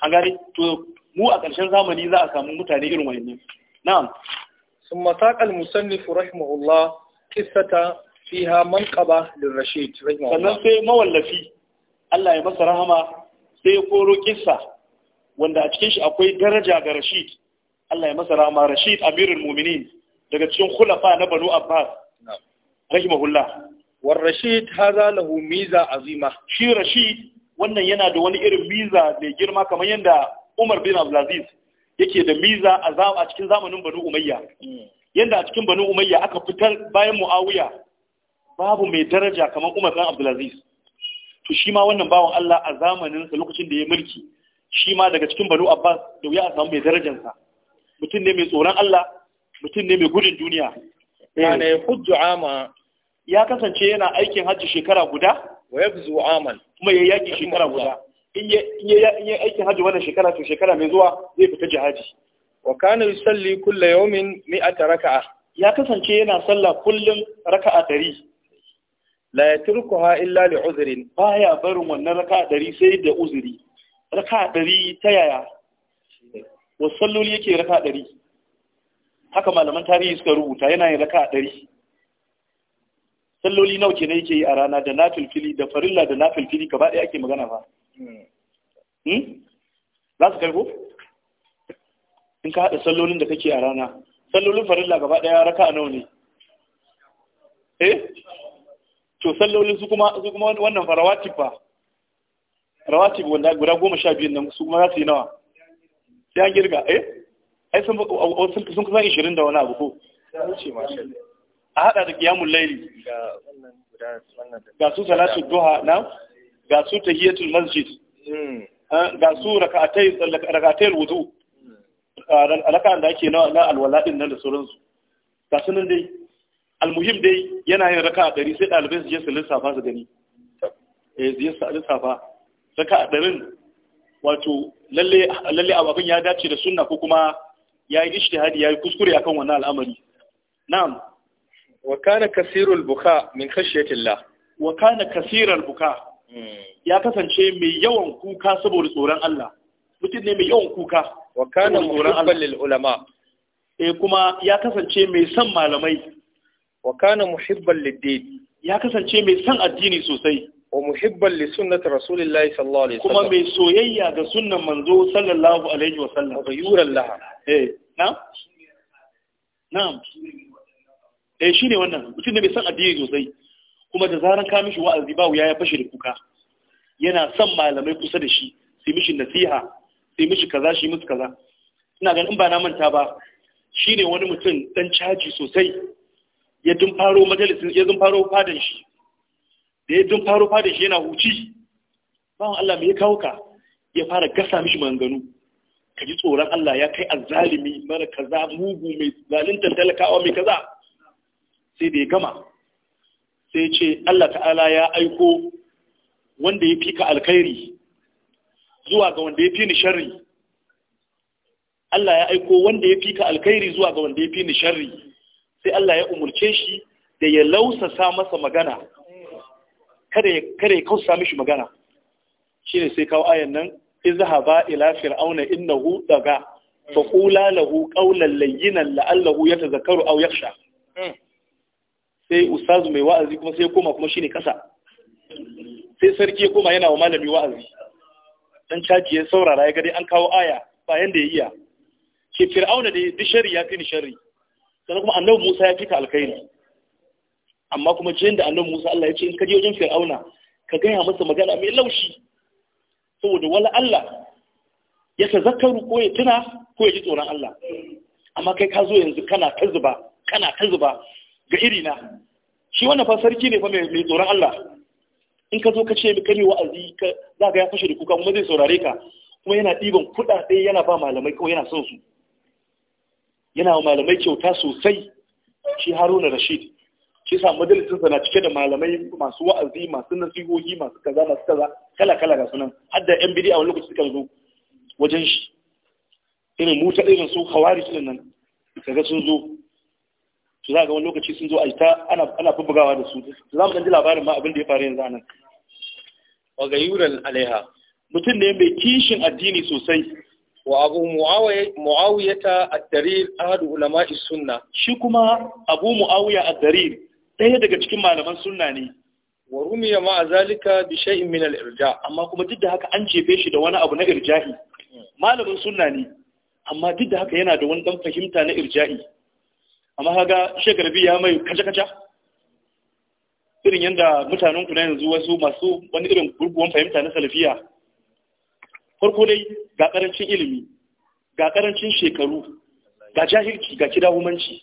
an gane to mu a ƙarshen zamani za a samu mutane irin wayannan na'am ثم ساق المصنف رحمه الله قصة فيها منقبة للرشيد رحمه الله sannan sai mawallafi Allah ya masa rahama sai ya koro kissa wanda a cikin shi akwai daraja ga Rashid Allah ya masa rahama Rashid Amirul Mu'minin daga cikin khulafa na Banu Abbas rahimahullah war Rashid hadha lahu miza azima shi Rashid wannan yana da wani irin miza mai girma kamar yadda Umar bin Abdulaziz yake da miza a cikin zamanin Banu Umayya mm. yadda a cikin Banu Umayya aka fitar bayan Muawiya babu mai daraja kamar Umar bin Abdulaziz to shi ma wannan bawan Allah a zamanin sa lokacin da ya mulki shi ma daga cikin Banu Abbas da wuya a samu mai darajar sa mutum ne mai tsoron Allah mutum ne mai gudun duniya yana eh. hujju ama ya kasance yana aikin hajji shekara guda wa yabzu amal kuma ya yaki shekara guda in ya aikin hajji wannan shekara to shekara mai zuwa zai fita jihadi wa kana yusalli kullu yawmin 100 raka'a ya kasance yana sallah kullum raka'a dari la ha illa li uzrin ya barin wannan raka ɗari sai da uzuri raka ɗari ta yaya wasu salloli yake raka ɗari haka malaman tarihi suka rubuta yana yin raka ɗari salloli nawa ne yake yi a rana da nafil fili da farilla da nafil fili gaba ɗaya ake magana ba hmm? za su kai ko in ka haɗa sallolin da kake a rana sallolin farilla gaba ɗaya raka nawa ne eh to sallolin su kuma su kuma wannan fa Farawati ba rawatib wanda guda goma sha biyun nan su kuma za su yi nawa sai an girga eh ai sun sun kusan ishirin da wani abu ko a haɗa da kiyamun laili ga su salatu duha na ga su tahiyatul masjid hmm. ga su raka'atai raka'atai wudu hmm. raka'a da ake na alwala din nan da sauransu ga su nan dai almuhim dai yana yin raka a ɗari sai ɗalibai su je su lissafa su gani eh su je su lissafa raka a ɗarin wato lalle ababin ya dace da sunna ko kuma ya yi ishtihadi ya yi kuskure akan wannan al'amari na'am wa kana kasirul buka min khashyatillah wa kana kasirul buka hmm. ya kasance mai yawan kuka saboda tsoron Allah mutum ne mai yawan kuka wa kana tsoron Allah ulama eh kuma ya kasance mai son malamai wa kana muhibban lidini ya kasance mai son addini sosai wa muhibban li sunnati rasulillahi sallallahu alaihi wasallam kuma mai soyayya ga sunnan manzo sallallahu alaihi wasallam wa yuran laha eh na na'am eh shine wannan mutum ne mai son addini sosai kuma da zaran ka mishi wa'azi ba wuya ya fashe da kuka yana son malamai kusa da shi sai mishi nasiha sai mishi kaza shi musu kaza ina ganin ba na manta ba shine wani mutum dan caji sosai ya dun faro majalisin ya dun faro fadan shi da ya dun faro fadan shi yana huci bawan Allah mai ya kawo ka ya fara gasa mishi manganu ka ji tsoron Allah ya kai azalimi mara kaza mugu mai zaluntar talakawa mai kaza sai da ya gama sai ce Allah ta'ala ya aiko wanda ya fi ka alkhairi zuwa ga wanda ya fi ni sharri Allah ya aiko wanda ya fi ka alkhairi zuwa ga wanda ya fi ni sharri sai Allah ya umurce shi da ya lausasa masa magana kada ya kausa mishi magana shine sai kawo ayan nan izhaba ila fir'auna innahu daga fa qula lahu qawlan layyinan la'allahu yatazakkaru aw yakhsha hmm. sai Ustaz mai wa'azi kuma sai koma kuma shine kasa sai sarki ya koma yana wa malami wa'azi dan caji ya saurara ya ga dai an kawo aya ba yanda ya iya ke fir'auna da duk ya fi ni sannan kuma annabi Musa ya fita alkhairi amma kuma jin da annabi Musa Allah ya ce in ka je wajen Fir'auna ka gaya masa magana mai laushi saboda wala Allah ya tazakkaru ko ya tuna ko ya ji tsoron Allah amma kai ka zo yanzu kana ta zuba kana ta zuba ga irina shi wannan fa sarki ne fa mai tsoron Allah in ka zo ka ce ka ne wa'azi ka za ya fashe da kuka kuma zai saurare ka kuma yana ɗiban kuɗaɗe yana ba malamai kawai yana son su yana wa malamai kyauta sosai shi haruna rashid shi sa majalisinsa na cike da malamai masu wa'azi masu nasihohi masu kaza masu kaza kala kala ga sunan har da yan a wani lokaci suka zo wajen shi irin ta irin su hawari su nan kaga sun zo su za ga wani lokaci sun zo a ita ana ana bugawa da su za mu dan ji labarin ma abin da ya faru yanzu anan wa gayuran alaiha mutum ne mai kishin addini sosai wa abu mu'awiyata ad-darir ahadu ulama'i sunna shi kuma abu mu'awiya ɗaya daga cikin malaman sunna ne wa rumiya ma zalika bi shay'in min irja amma kuma duk da haka an jefe shi da wani abu na irja'i malamin sunna ne amma duk da haka yana da wani dan fahimta na irja'i amma kaga garbi ya mai kaca-kaca irin yadda mutanen ku na yanzu wasu masu wani irin gurguwan fahimta na salafiya farko dai ga karancin ilimi ga karancin shekaru ga jahilci ga kidahumanci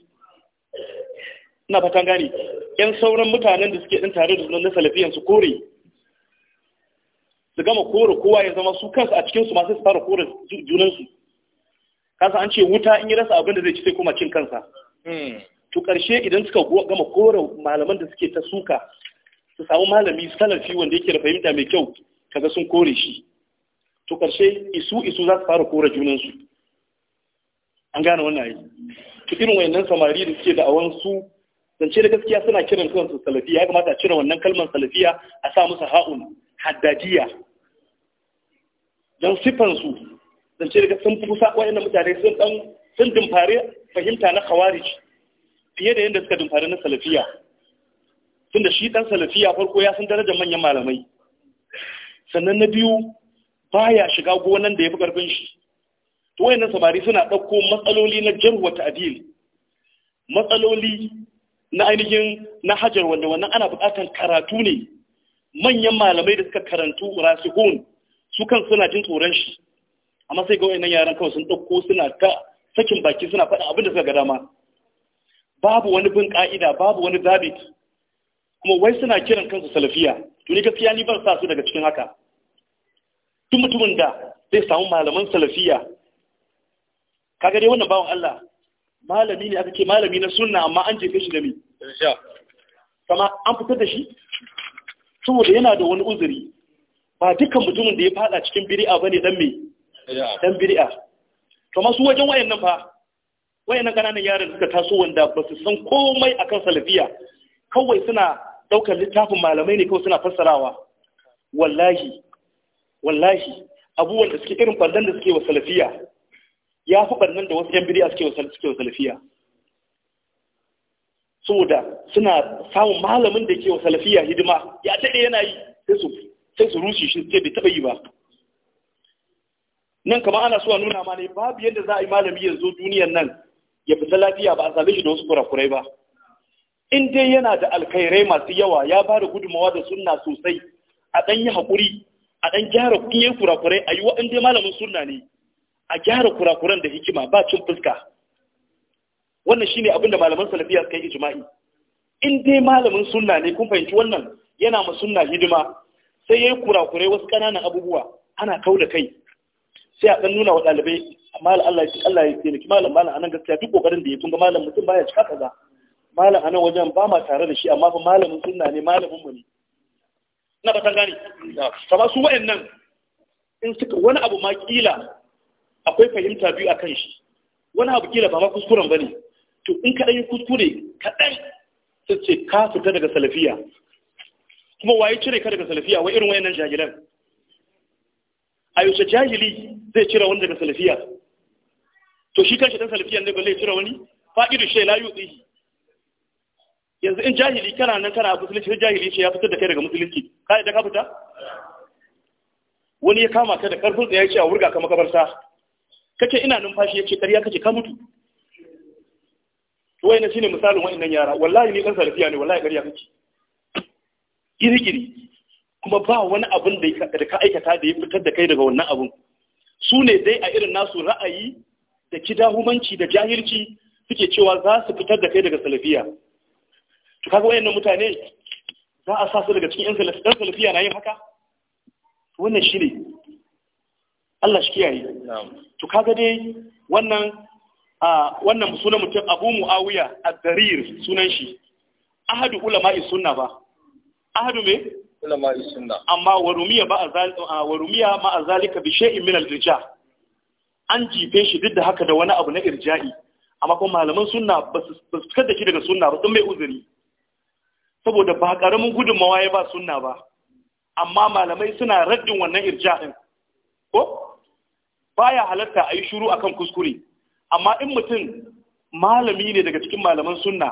ina fatan gane yan sauran mutanen da suke din tare da sunan na salafiyan su kore su gama kore kowa ya zama su kansu a cikin su masu su fara kore junansu kasa an ce wuta in yi rasa abin da zai ci sai kuma cin kansa hmm. to ƙarshe idan suka gama kore malaman da suke ta suka su samu malami salafi wanda yake da fahimta mai kyau kaga sun kore shi to ƙarshe isu isu za su fara kora junansu an gane wannan yi to irin wayannan samari da suke da'awan su zance da gaskiya suna kiran kansu salafiya ya kamata a cire wannan kalmar salafiya a sa musu ha'un haddadiya don siffansu zance da sun fi kusa wayannan mutane sun dan sun dimfare fahimta na khawarij fiye da yadda suka dimfare na salafiya tunda shi dan salafiya farko ya san darajar manyan malamai sannan na biyu baya shiga gonan da ya fi karfin shi to wayannan samari suna ɗauko matsaloli na jarwa ta'dil matsaloli na ainihin na hajar wanda wannan ana buƙatar karatu ne manyan malamai da suka karantu rasihun su kan suna jin tsoron shi amma sai ga wayannan yaran kawai sun ɗauko suna ta sakin baki suna faɗa abin da suka ga dama babu wani bin ƙa'ida, babu wani zabit kuma wai suna kiran kansu salafiya to ni gaskiya ni ban sa su daga cikin haka tun mutumin da zai samu malaman salafiya kaga dai wannan bawan Allah malami ne aka ce malami na sunna amma an jefe shi da mi kama an fitar da shi saboda yana da wani uzuri ba dukkan mutumin da ya fada cikin biri'a ba dan me dan biri'a to masu wajen wayannan fa wayannan kananan yaran suka taso wanda ba su san komai akan salafiya kawai suna daukar littafin malamai ne kawai suna fassarawa wallahi wallahi abubuwan da suke irin barnan da suke wa salafiya ya fi ɓarnan da wasu yan bid'a suke wa salafiya saboda suna samun malamin da ke wa salafiya hidima ya daɗe yana yi sai su rushe shi sai bai taɓa yi ba nan kama ana so a nuna ma ne babu yadda za a yi malami yanzu duniyan nan ya fita lafiya ba a same shi da wasu kurakurai ba in dai yana da alkhairai masu yawa ya ba da gudunmawa da sunna sosai a ɗan yi haƙuri a ɗan gyara in yi kurakurai a yi wa ɗan malamin sunna ne a gyara kurakuran da hikima ba cin fuska wannan shine abin da malaman salafiya suka yi ijma'i in dai malamin sunna ne kun fahimci wannan yana ma sunna hidima sai yayi kurakurai wasu ƙananan abubuwa ana kau da kai sai a ɗan nuna wa ɗalibai malam Allah ya Allah ya taimaki malam malam anan gaskiya duk kokarin da ya tunga malam mutum baya cika kaza malam anan wajen ba ma tare da shi amma fa malamin sunna ne malamin mu ne na ba gane ba su wa'annan in suka wani abu ma kila akwai fahimta biyu akan shi wani abu kila ba ma kuskuren bane to in ka yi kuskure kaɗan sai ce ka fita daga salafiya kuma waye cire ka daga salafiya wa irin wayannan jahilan a yaushe jahili zai cire wani daga salafiya to shi kanshi dan salafiyan ne ba zai cire wani fa'idu shay la yuzi yanzu in jahili kana nan kana musulunci sai jahili ce ya fitar da kai daga musulunci ka da ka fita wani ya kama ka da karfin tsaye ce a wurga ka makabarta kake ina numfashi ce ƙarya kake ka mutu na shi shine misalin nan yara wallahi ni da salafiya ne wallahi ƙarya kake iri kuma ba wani abin da ka aikata da ya fitar da kai daga wannan abin su ne dai a irin nasu ra'ayi da kidahumanci da jahilci suke cewa za su fitar da kai daga salafiya to kaga wayannan mutane za a sa su daga cikin ɗan salafiya na yin haka wannan shi ne Allah shi kiyaye to kaga dai wannan wannan sunan mutum abu mu'awiya a darir sunan shi ahadu ulama'i sunna ba ahadu me ulama'i sunna amma warumiya ba warumiya ma azalika bi shay'in min al-irja an jife shi duk da haka da wani abu na irja'i amma kuma malaman sunna ba su kada shi daga sunna ba sun mai uzuri saboda ba ƙaramin gudunmawa ya ba sunna ba amma malamai suna raddin wannan irja ɗin ko baya halatta a yi shuru akan kuskure amma in mutum malami ne daga cikin malaman sunna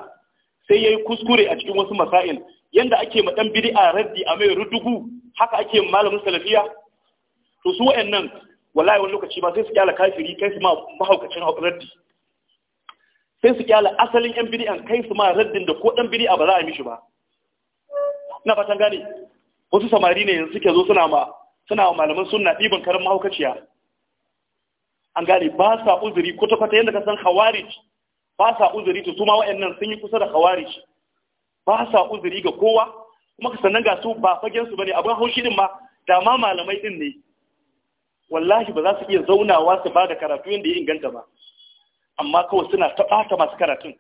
sai ya yi kuskure a cikin wasu masail yanda ake ma ɗan a raddi a mai rudugu haka ake malamin salafiya to su wa'annan wallahi wani lokaci ba sai su kyala kafiri kai su ma mahaukacin raddi sai su kyala asalin yan bid'an kai su ma raddin da ko ɗan bid'a ba za a mishi ba ina fatan gane wasu samari ne yanzu suke zo suna ma suna wa malaman sunna ɗiban karin mahaukaciya an gane ba sa uzuri kwata-kwata yadda ka san khawarij ba sa uzuri to su ma wa'annan sun yi kusa da khawarij ba sa uzuri ga kowa kuma ka sannan ga su ba fagen su bane abin haushi din ma da ma malamai din ne wallahi ba za su iya zaunawa su ba da karatu yadda ya inganta ba amma kawai suna ta ɓata masu karatun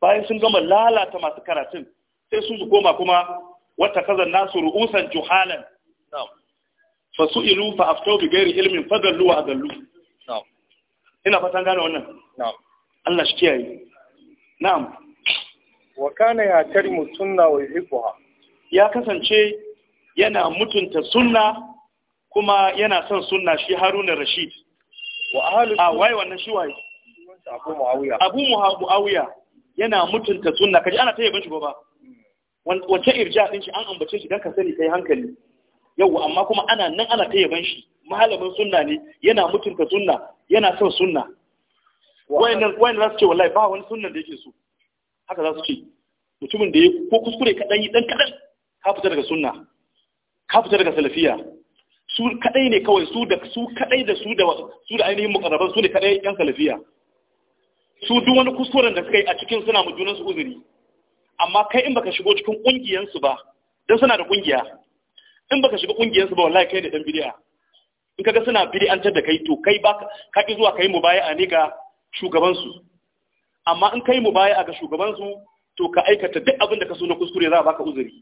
bayan sun gama lalata masu karatun sai su su koma kuma wata kazan nasu ru'usan juhalan fa su ilu fa aftau bi gairi ilmin dallu wa dallu ina fatan gane wannan Allah shi kiyaye na'am wa kana ya tarimu sunna wa yuhibbuha ya kasance yana mutunta sunna kuma yana son sunna shi Haruna Rashid wa ahlu a wai wannan shi wai Abu Muawiya Abu Muawiya yana mutunta sunna kaji ana ta yabin shi ba wace irja din shi an ambace shi dan ka sani kai hankali yau amma kuma ana nan ana ta yaban shi malamin sunna ne yana mutunta sunna yana son sunna wayannan wayannan za su ce wallahi ba wani sunnan da yake so haka za su ce mutumin da ya ko kuskure kaɗan yi ɗan kaɗan ka fita daga sunna ka fita daga salafiya su kaɗai ne kawai su da su kadai da su da su da ainihin mukarraban su ne kaɗai yan salafiya su duk wani kuskuren da suka yi a cikin suna mu junan su uzuri amma kai in baka shigo cikin ƙungiyarsu ba don suna da ƙungiya in baka shiga ƙungiyarsu ba wallahi kai ne dan bid'a in kaga suna bid'antar da kai to kai ba ka ki zuwa kai mubaya'a ne ga shugabansu amma in kai mubaya'a ga shugabansu to ka aikata duk abin da ka so na kuskure za a baka uzuri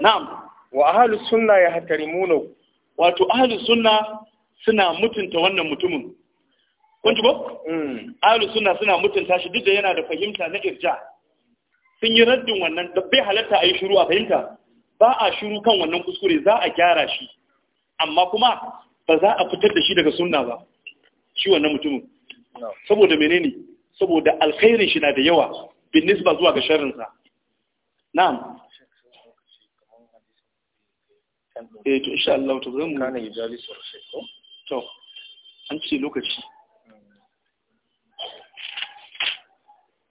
na'am wa ahlus sunna hatarimuna wato ahlus sunna suna mutunta wannan mutumin kun ji ko mm. ahlus sunna suna mutunta shi duk da yana da fahimta na irja' sun yi raddin wannan da bai halatta a yi shiru a fahimta ba a shiru kan wannan kuskure za a gyara shi amma kuma ba za a fitar da shi daga sunna ba shi wannan mutumin saboda menene saboda alkhairin shi na da yawa bin nisba zuwa ga sharrinsa na'am eh to insha Allah to zan kana yajalisu ko to an ce lokaci mm.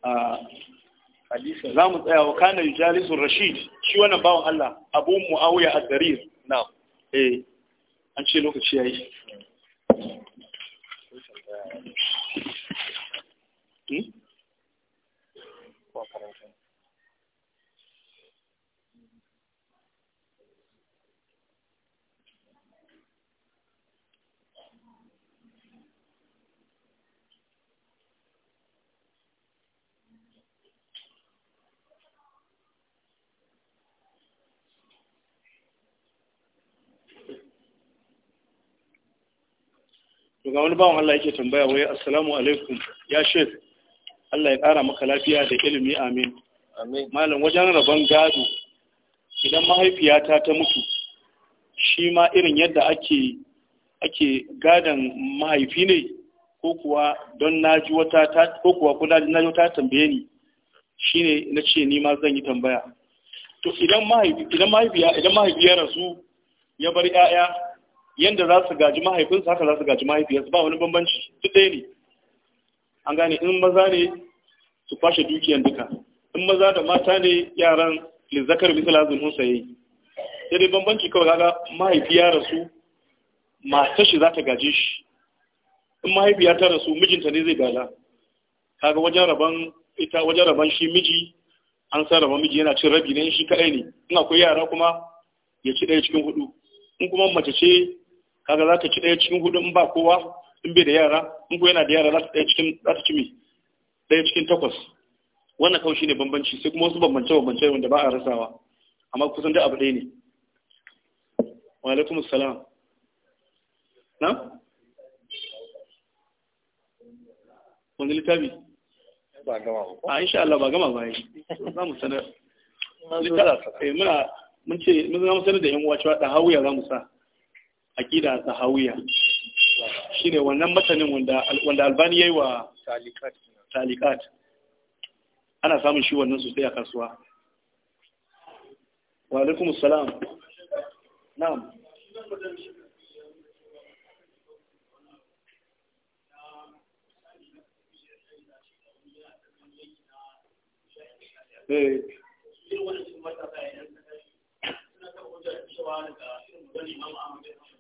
a ah, za mu tsaya wa kana jalisun rashid shi wannan bawon Allah abu mu'awuyar a na eh an ce lokaci yayi hmm? ga wani bawan Allah yake tambaya wai assalamu alaikum ya shef Allah ya ƙara maka lafiya da ilimi amin malam wajen rabon gado idan mahaifiyata ta mutu shi ma irin yadda ake ake gadon mahaifi ne ko kuwa don naji wata ta ko kuwa ko naji wata tambaye ni shine na ce ni ma zan yi tambaya to idan mahaifi idan mahaifiya idan mahaifiya rasu ya bar 'ya'ya yanda za su gaji mahaifinsu haka za su gaji mahaifiyarsu ba wani bambanci duk ɗaya ne an gane in maza ne su kwashe dukiyan duka in maza da mata ne yaran lizakar misala zunun saye sai dai bambanci kawai kaga mahaifi ya rasu matar shi za ta gaje shi in mahaifiya ta rasu mijinta ne zai gada kaga wajen rabon ita wajen rabon shi miji an san rabon miji yana cin rabi ne shi kaɗai ne in akwai yara kuma ya ci ɗaya cikin hudu in kuma mace ce kaga za ta ci ɗaya cikin hudu in ba kowa in bai da yara in ko yana da yara za ta ɗaya cikin ci mi ɗaya cikin takwas wannan kawai shine bambanci sai kuma wasu bambance bambance wanda ba a rasawa amma kusan da abu ɗaya ne wa alaikum salam na wani littafi ba gama ba a insha Allah ba gama ba yi za mu sanar mun eh, ce mun sanar da yan uwa cewa da hawuya za mu sa aqida sahawiya shine wannan matanin wanda wanda albani yayi wa talikat talikat ana samun shi wannan sosai a kasuwa wa alaikum assalam na'am eh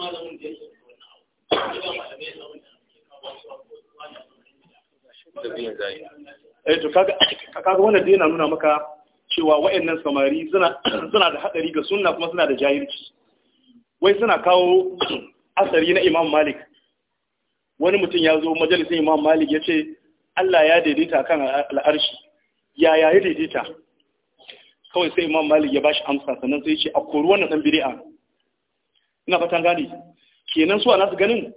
malamin da ya wannan abu malamai da to kaga kaga wannan dai yana nuna maka cewa wayannan samari suna suna da hadari ga sunna kuma suna da jahilci wai suna kawo asari na Imam Malik wani mutum ya zo majalisin Imam Malik ya ce Allah ya daidaita kan al'arshi ya ya daidaita kawai sai Imam Malik ya bashi amsa sannan sai ce a kori wannan dan bid'a ina fatan gane kenan su ana su ganin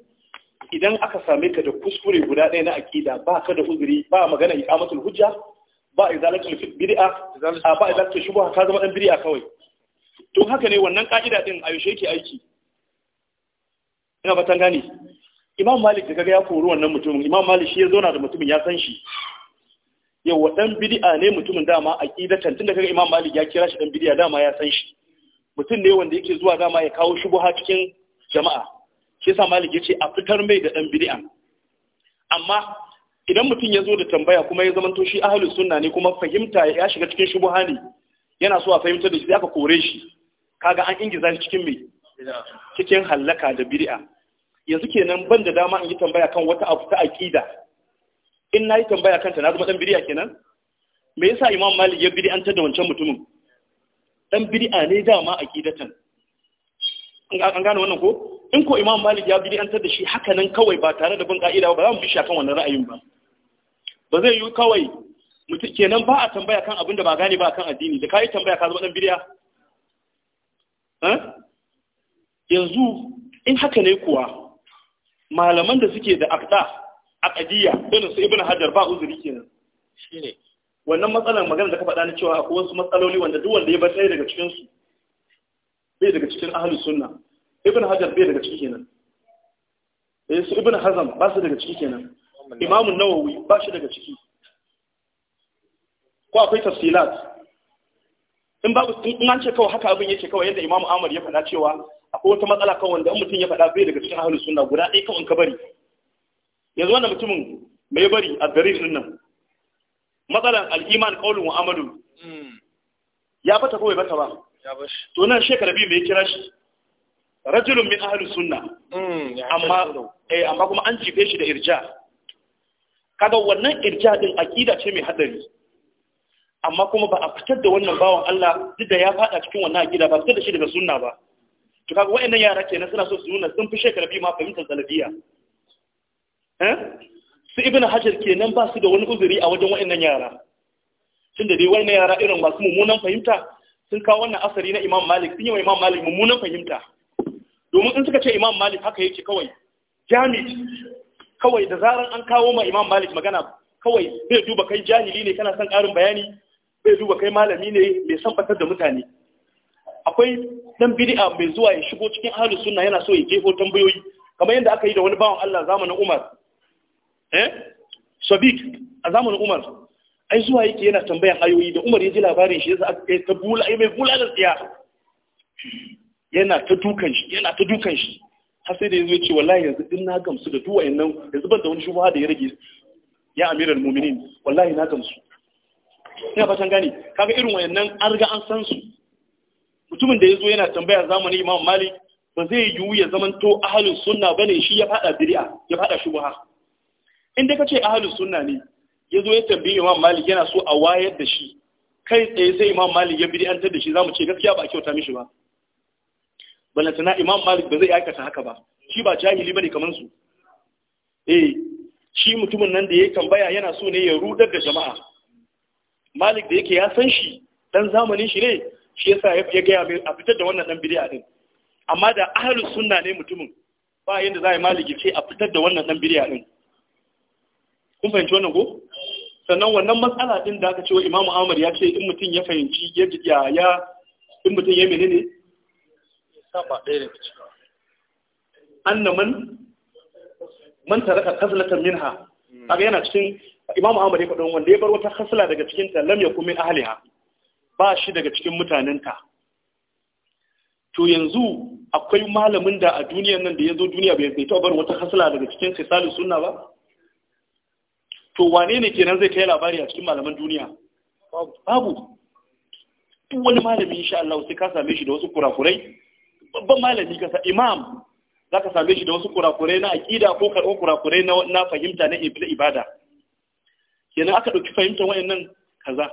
idan aka same ka da kuskure guda ɗaya na akida ba ka da uzuri ba magana iqamatul hujja ba izalatul bid'a ba izalatul shubha ka zama dan bid'a kawai to haka ne wannan ka'ida din a yaushe yake aiki ina fatan gane imam malik da kaga ya kori wannan mutumin imam malik shi ya zauna da mutumin ya san shi yau wa ɗan bid'a ne mutumin dama aqidatan tunda kaga imam malik ya kira shi dan bid'a dama ya san shi mutum ne wanda yake zuwa dama ya kawo shubuha cikin jama'a shi yasa malik yace a fitar mai da dan bid'a amma idan mutum ya zo da tambaya kuma ya zamanto shi ahlus sunna ne kuma fahimta ya shiga cikin shubuha ne yana so a fahimta da shi zaka kore shi kaga an ingiza shi cikin mai cikin hallaka da bid'a yanzu kenan ban da dama in yi tambaya kan wata abu ta aqida in nayi tambaya kanta na zama dan bid'a kenan me yasa imam malik ya bid'anta da wancan mutumin dan bid'a ne dama aqidatan an gane wannan ko in ko imam malik ya bid'antar da shi haka nan kawai ba tare da bin ka'ida ba za mu bi shi akan wannan ra'ayin ba ba zai yi kawai mutum kenan ba a tambaya kan abin da ba gane ba kan addini da yi tambaya ka zama dan bid'a eh? yanzu in haka ne kuwa malaman da suke da aqda aqdiyya irin su ibn hajar ba uzuri kenan shine wannan matsalar magana da ka faɗa na cewa akwai wasu matsaloli wanda duk wanda ya bar ɗaya daga cikin su bai daga cikin ahlus sunna ibn hajar bai daga ciki kenan eh su ibn hazm ba su daga ciki kenan imam an-nawawi ba shi daga ciki ko akwai tafsilat in ku in an ce kawai haka abin yake kawai yadda imam ahmad ya faɗa cewa akwai wata matsala kawai wanda mutum ya faɗa bai daga cikin ahlus sunna guda ɗaya kawai ka bari yanzu wannan mutumin mai bari a garin nan matsalan al'iman ƙaunin mu'amalu ya fata kawai bata ba to nan shekara biyu mai kira shi rajulun min ahalus sunna mm, amma eh, amma kuma an jife shi da irja kaga wannan irja din akida ce mai hadari amma kuma ba a fitar da wannan bawan Allah duk da ya fada cikin wannan akida ba fitar da shi daga sunna ba to kaga wayannan yara kenan suna so su nuna sun fi shekara biyu ma fahimtar salafiya eh su ibn hajar kenan ba su da wani uzuri a wajen nan yara Cin da dai yara irin masu mummunan fahimta sun kawo wannan asari na imam malik sun yi wa imam malik mummunan fahimta domin in suka ce imam malik haka yake kawai jami kawai da zarar an kawo ma imam malik magana kawai zai duba kai jahili ne kana son karin bayani zai duba kai malami ne mai sambatar da mutane akwai dan bid'a mai zuwa ya shigo cikin ahlus sunna yana so ya jefo tambayoyi kamar yadda aka yi da wani bawan Allah zamanin Umar eh sabik a zamanin umar ai zuwa yake yana tambayan ayoyi da umar ya ji labarin shi yasa aka ta bula ai mai bula da tsiya yana ta dukan shi yana ta dukan shi har sai da yanzu ya ce wallahi yanzu din na gamsu da duwa wayannan yanzu ban da wani shubuha da ya rage ya amiral mu'minin wallahi na gamsu ina fatan gane kaga irin wayannan an riga an san su mutumin da yazo yana tambaya zamanin imam malik ba zai yiwu ya zamanto ahlus sunna bane shi ya fada bid'a ya fada shubuha in dai ce ahalin sunna ne ya zo ya tambayi imam malik yana so a wayar da shi kai tsaye sai imam malik ya bid'antar da shi zamu ce gaskiya ba a kyauta mishi ba balantana imam malik ba zai aikata haka ba shi ba jahili bane kaman su eh shi mutumin nan da ya tambaya yana so ne ya rudar da jama'a malik da yake ya san shi dan zamanin shi ne shi yasa ya gaya mai a fitar da wannan dan bid'a din amma da ahlus sunna ne mutumin ba yanda za a yi malik ce a fitar da wannan dan bid'a din kun fahimci wannan ko sannan wannan matsala din da aka ce wa imamu amur ya ce in mutum ya fahimci ya ya ya in mutum ya menene saba ɗaya daga cikin anna man man taraka khaslatan minha hmm. kaga yana cikin imamu amur ya faɗin wanda ya bar wata khasla daga cikin ta lam yakun min ahliha ba shi daga cikin mutanenta to yanzu akwai malamin da a duniyar nan da ya zo duniya bai taɓa bar wata khasla daga cikin sai salisunna ba to wane ne kenan zai kai labari a cikin malaman duniya babu duk wani malami insha Allah sai ka same shi da wasu kurakurai babban malami ka sa imam za ka same shi da wasu kurakurai na aƙida ko karɓar kurakurai na fahimta na ibada kenan aka ɗauki fahimtar wayannan kaza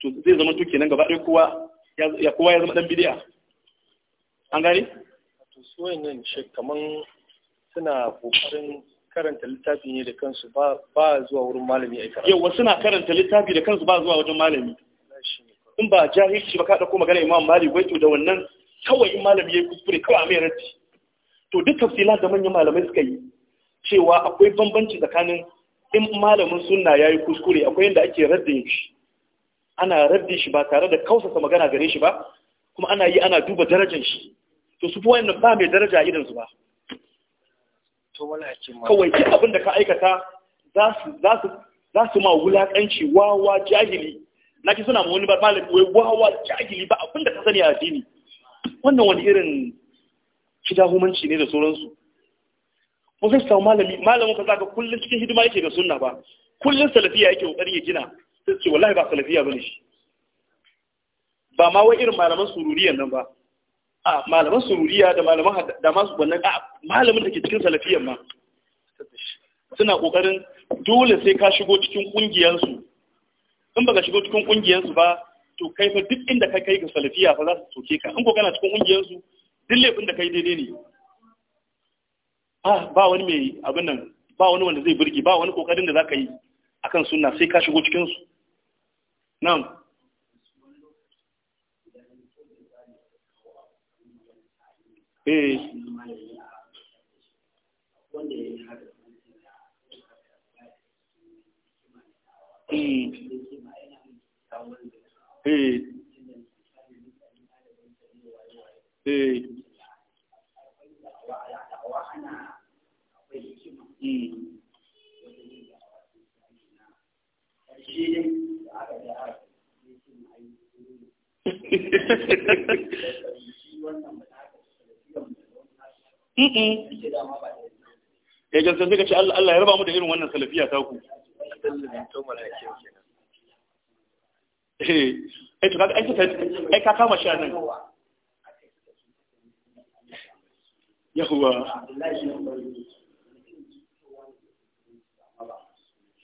to zai zama to kenan gaba ɗaya kowa ya kowa ya zama ɗan bid'a an gani? to su wayannan shi kaman suna kokarin karanta littafi ne da kansu ba zuwa wurin malami a yau. yawa suna karanta littafi da kansu ba zuwa wajen malami in ba jahilci ba ka dauko magana imam mali wai to da wannan kawai in malami ya yi kuskure kawai a mai raddi to duk tafsila da manyan malamai suka yi cewa akwai bambanci tsakanin in malamin sunna yi kuskure akwai yadda ake raddin shi ana raddin shi ba tare da kausasa magana gare shi ba kuma ana yi ana duba darajar shi to su fi wayannan ba mai daraja irin su ba kawai duk abin da ka aikata za su ma wulaƙanci wawa jahili na ki suna ma wani malam wai wawa jahili ba abin da ka sani a addini wannan wani irin kidahumanci ne da sauransu ko sai samu malami malamin ka zaka kullum cikin hidima yake ga sunna ba kullum salafiya yake kokari ya gina sai ce wallahi ba salafiya bane shi ba ma wai irin malaman sururiyan nan ba a malaman sururiya da malaman da masu wannan a malamin da ke cikin salafiyan ma suna kokarin dole sai ka shigo cikin kungiyansu in baka shigo cikin kungiyansu ba to kai fa duk inda ka kai ga salafiya fa za su soke ka in ko kana cikin kungiyansu duk laifin da kai daidai ne ah ba wani mai abin nan ba wani wanda zai burge ba wani kokarin da zaka yi akan sunna sai ka shigo cikin su na'am eh, hmm. eh. eh. Hmm. ya gaske suka a Allah ya raba mu da irin wannan salafiya ta ku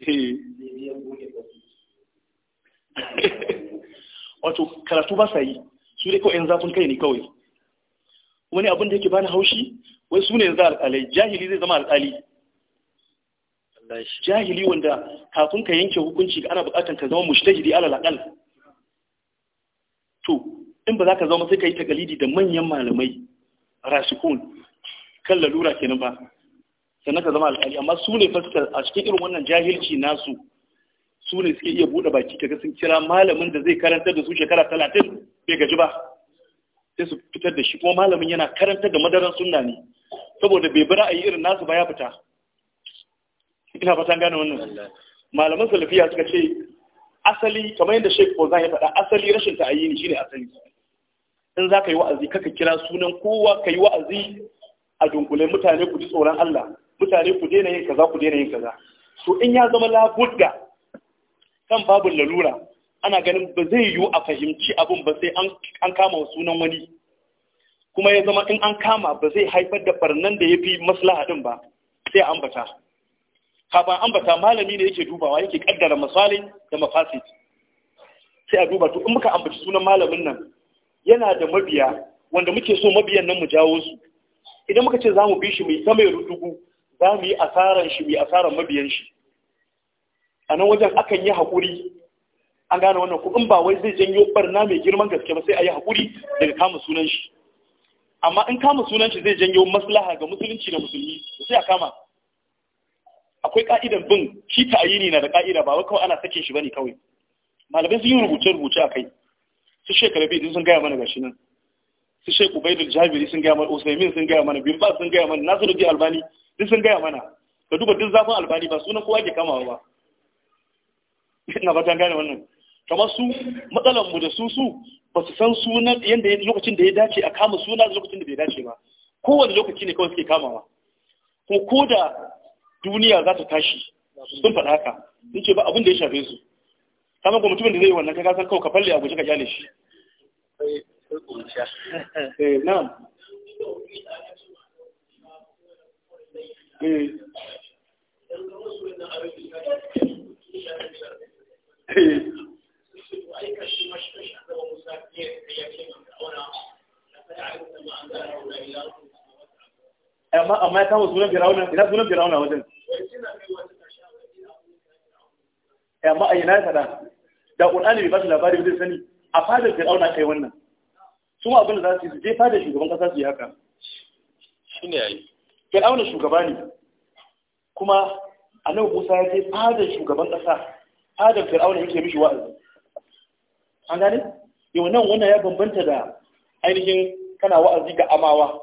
eh, wato karatu ba sa yi su dai kawai 'yan zafin kai ne kawai wani abin da yake bani haushi wai su ne yanzu alƙalai jahili zai zama alƙali jahili wanda kafin ka yanke hukunci ana buƙatar ka zama mushtahidi alal aqal to in ba za ka zama sai ka yi takalidi da manyan malamai rasikun kan lalura kenan ba sannan ka zama alƙali amma su ne a cikin irin wannan jahilci nasu su ne suke iya buɗe baki kaga sun kira malamin da zai karanta da su shekara talatin bai gaji ba sai su fitar da shi kuma malamin yana karanta da madaran sunna ne saboda bai bira ayi irin nasu ba ya fita ina fatan gane wannan malaman salafiya suka ce asali kamar yadda shek Fauzan ya faɗa asali rashin ne shine asali in za ka yi wa'azi kaka kira sunan kowa ka yi wa'azi a dunkule mutane ku ji tsoron Allah mutane ku daina yin kaza ku daina yin kaza so in ya zama budda kan babin lalura ana ganin ba zai yiwu a fahimci abin ba sai an kama wa sunan wani kuma ya zama in an kama ba zai haifar da barnan da ya fi maslaha ba sai ambata kafin ambata malami ne yake dubawa yake kaddara misali da mafasit sai a duba to in muka ambaci sunan malamin nan yana da mabiya wanda muke so mabiyan nan mu jawo su idan muka ce za mu bi shi mai sama ya rudugu za mu yi asaran shi mai asaran mabiyan shi a nan wajen akan yi haƙuri an gane wannan ko in ba wai zai janyo barna mai girman gaske ba sai a yi haƙuri daga kama sunan shi amma in kama sunan shi zai janyo maslaha ga musulunci da musulmi sai a kama akwai ka'idan bin shi ta'ayini na da ka'ida ba wai kawai ana sakin shi bane kawai malamai sun yi rubuce rubuce akai su shekara biyu sun gaya mana gashi nan su shek ubaidul jabiri sun gaya mana usaimin sun gaya mana bimba sun gaya mana nasiru di albani duk sun gaya mana ka duba duk zafin albani ba sunan kowa ke kamawa ba ina ba ta gane wannan kamar su matsalar mu da su su ba su san sunan yadda lokacin da ya dace a kama suna da lokacin da bai dace ba kowane lokaci ne kawai suke kamawa ko ko da duniya za ta tashi sun faɗa haka sun ce ba abin da ya shafe su kamar ko mutumin da zai yi wannan kaga san kawai ka falle a guje ka kyale shi eh, na'am eh, eh. amma amma ya kama sunan firawuna ina sunan firawuna wajen eh, amma a ina ya faɗa da ƙulani bai ba su labari wajen sani a fadar firawuna kai wannan su ma abinda za su yi su je fadar shugaban ƙasa su yi haka shine yayi firawuna shugaba ne kuma a nan musa ya je fadar shugaban ƙasa fadar firawuna yake mishi wa'azi an gane yau nan wannan ya bambanta da ainihin kana wa'azi ga amawa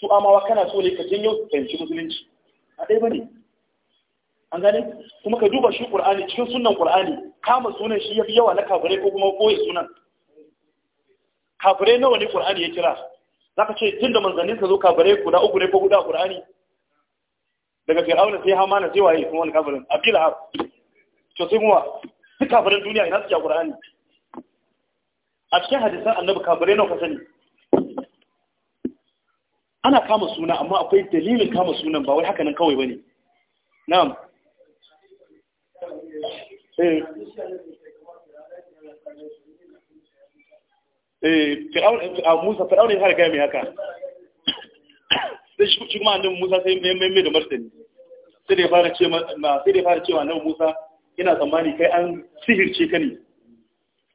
su amawa kana so ne ka janyo fahimci musulunci a ɗaya ba ne an gane kuma ka duba shi ƙur'ani cikin sunan ƙur'ani kama sunan shi ya fi yawa na kafirai ko kuma koyi sunan kafirai nawa ne ƙur'ani ya kira za ka ce tun da manzannin ka zo kafirai guda uku ne ko guda ƙur'ani daga fir'auna sai Hama na sai waye kuma wani kafirin abdulhab to sai kuma duk kafirin duniya ina suke a ƙur'ani a cikin hadisan annabi kabare nawa ka sani ana kama suna amma akwai dalilin kama sunan ba wai haka nan kawai ba na'am eh, eh Musa fir'aun ya harga mai haka sai shi kuma annabi Musa sai mai mai da martani sai da ya fara cewa sai annabi Musa yana tsammani kai an sihirce ka ne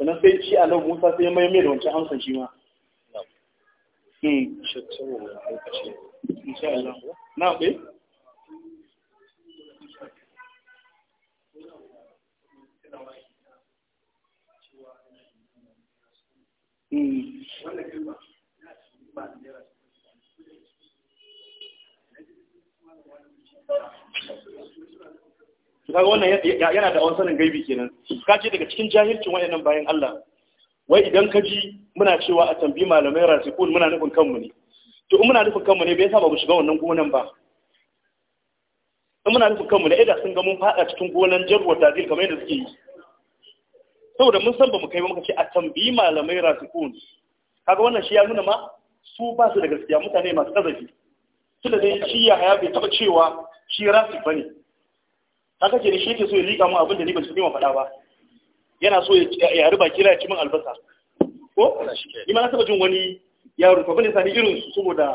sannan sai shi a nan musa sai mai mai da wancan amsan shi ma Mm-hmm. kaga wannan yana da wani sanin gaibi kenan ka ce daga cikin jahilcin wayannan bayan Allah wai idan ka ji muna cewa a tambi malamai rasikun muna nufin kanmu ne to in muna nufin kanmu ne bai saba mu shiga wannan gonan ba in muna nufin kanmu ne, idan sun ga mun fada cikin gonan jarwa dalil kamar yadda suke yi saboda mun san ba mu kai ba muka ce a tambi malamai rasikun kaga wannan shi ya nuna ma su ba su da gaskiya mutane masu kazafi tunda dai shi ya haya bai taba cewa shi rasik bane haka ke shi ke so ya rika mun abin da ni ban cikin faɗa ba yana so ya ruba kira ya ci min albasa ko ni ma na taɓa jin wani ya rufa bane sani irin su saboda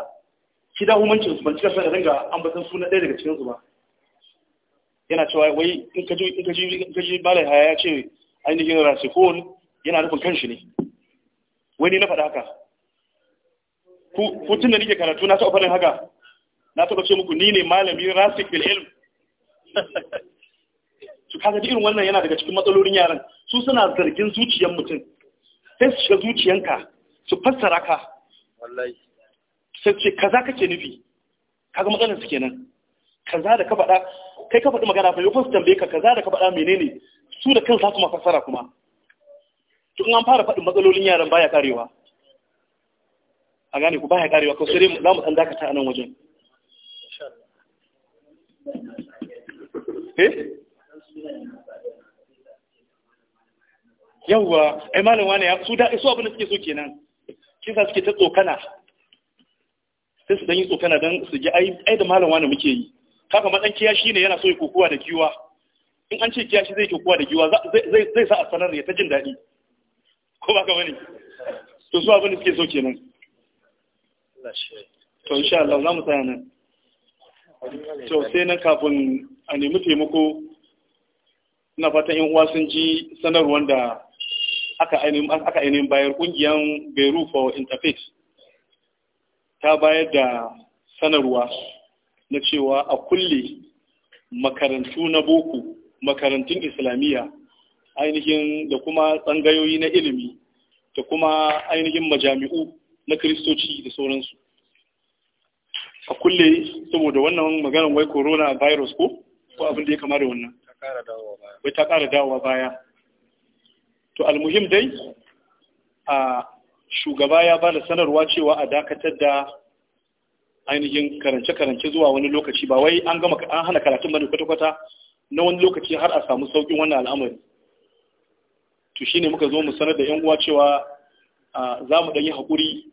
shi da humancin su ban cika son ringa su suna ɗaya daga cikin su ba yana cewa wai in ka ji in ka ji in ka ji bala haya ya ce ainihin rasikon yana nufin kanshi ne Wai ni na faɗa haka ku tun da nake karatu na taɓa faɗin haka na taɓa ce muku ni ne malamin rasik ilm kaga irin wannan yana daga cikin matsalolin yaran su suna zargin zuciyar mutum sai su shiga zuciyanka su fassara ka wallahi sai ce kaza kake nufi kaga matsalar su kenan kaza da ka faɗa kai ka faɗi magana fa yau su tambaye ka kaza da ka faɗa menene su da kansu su ma fassara kuma to in an fara faɗin matsalolin yaran baya karewa a gane ku baya karewa kawai sai za mu ɗan dakata a nan wajen eh yauwa ai malam wani ya su da su abin da suke so kenan shi sa suke ta tsokana sai su dan yi tsokana dan su ji ai da malam wani muke yi kafa madan kiya ne yana so ya kokowa da giwa in an ce kiya shi zai kokowa da giwa zai zai sa a sanar ya ta jin daɗi ko ba ka wani to su abin da suke so kenan to insha Allah za mu tsaya nan to sai nan kafin a nemi taimako ina fatan yan uwa sun ji sanarwar da aka ainihin bayar kungiyar Beru for Interfaith ta bayar da sanarwa na cewa a kulle makarantu na boko makarantun islamiyya ainihin da kuma tsangayoyi na ilimi da kuma ainihin majami'u na kristoci da sauransu a kulle saboda wannan maganar wai corona virus ko ko abin da ya kama da wannan wai ta ƙara dawowa baya to almuhim dai a shugaba ya ba da sanarwa cewa a dakatar da ainihin karance-karance zuwa wani lokaci ba wai an gama an hana karatun bane kwata-kwata na wani lokaci har a samu saukin wannan al'amari to shi ne muka zo mu sanar da yan uwa cewa za mu yi haƙuri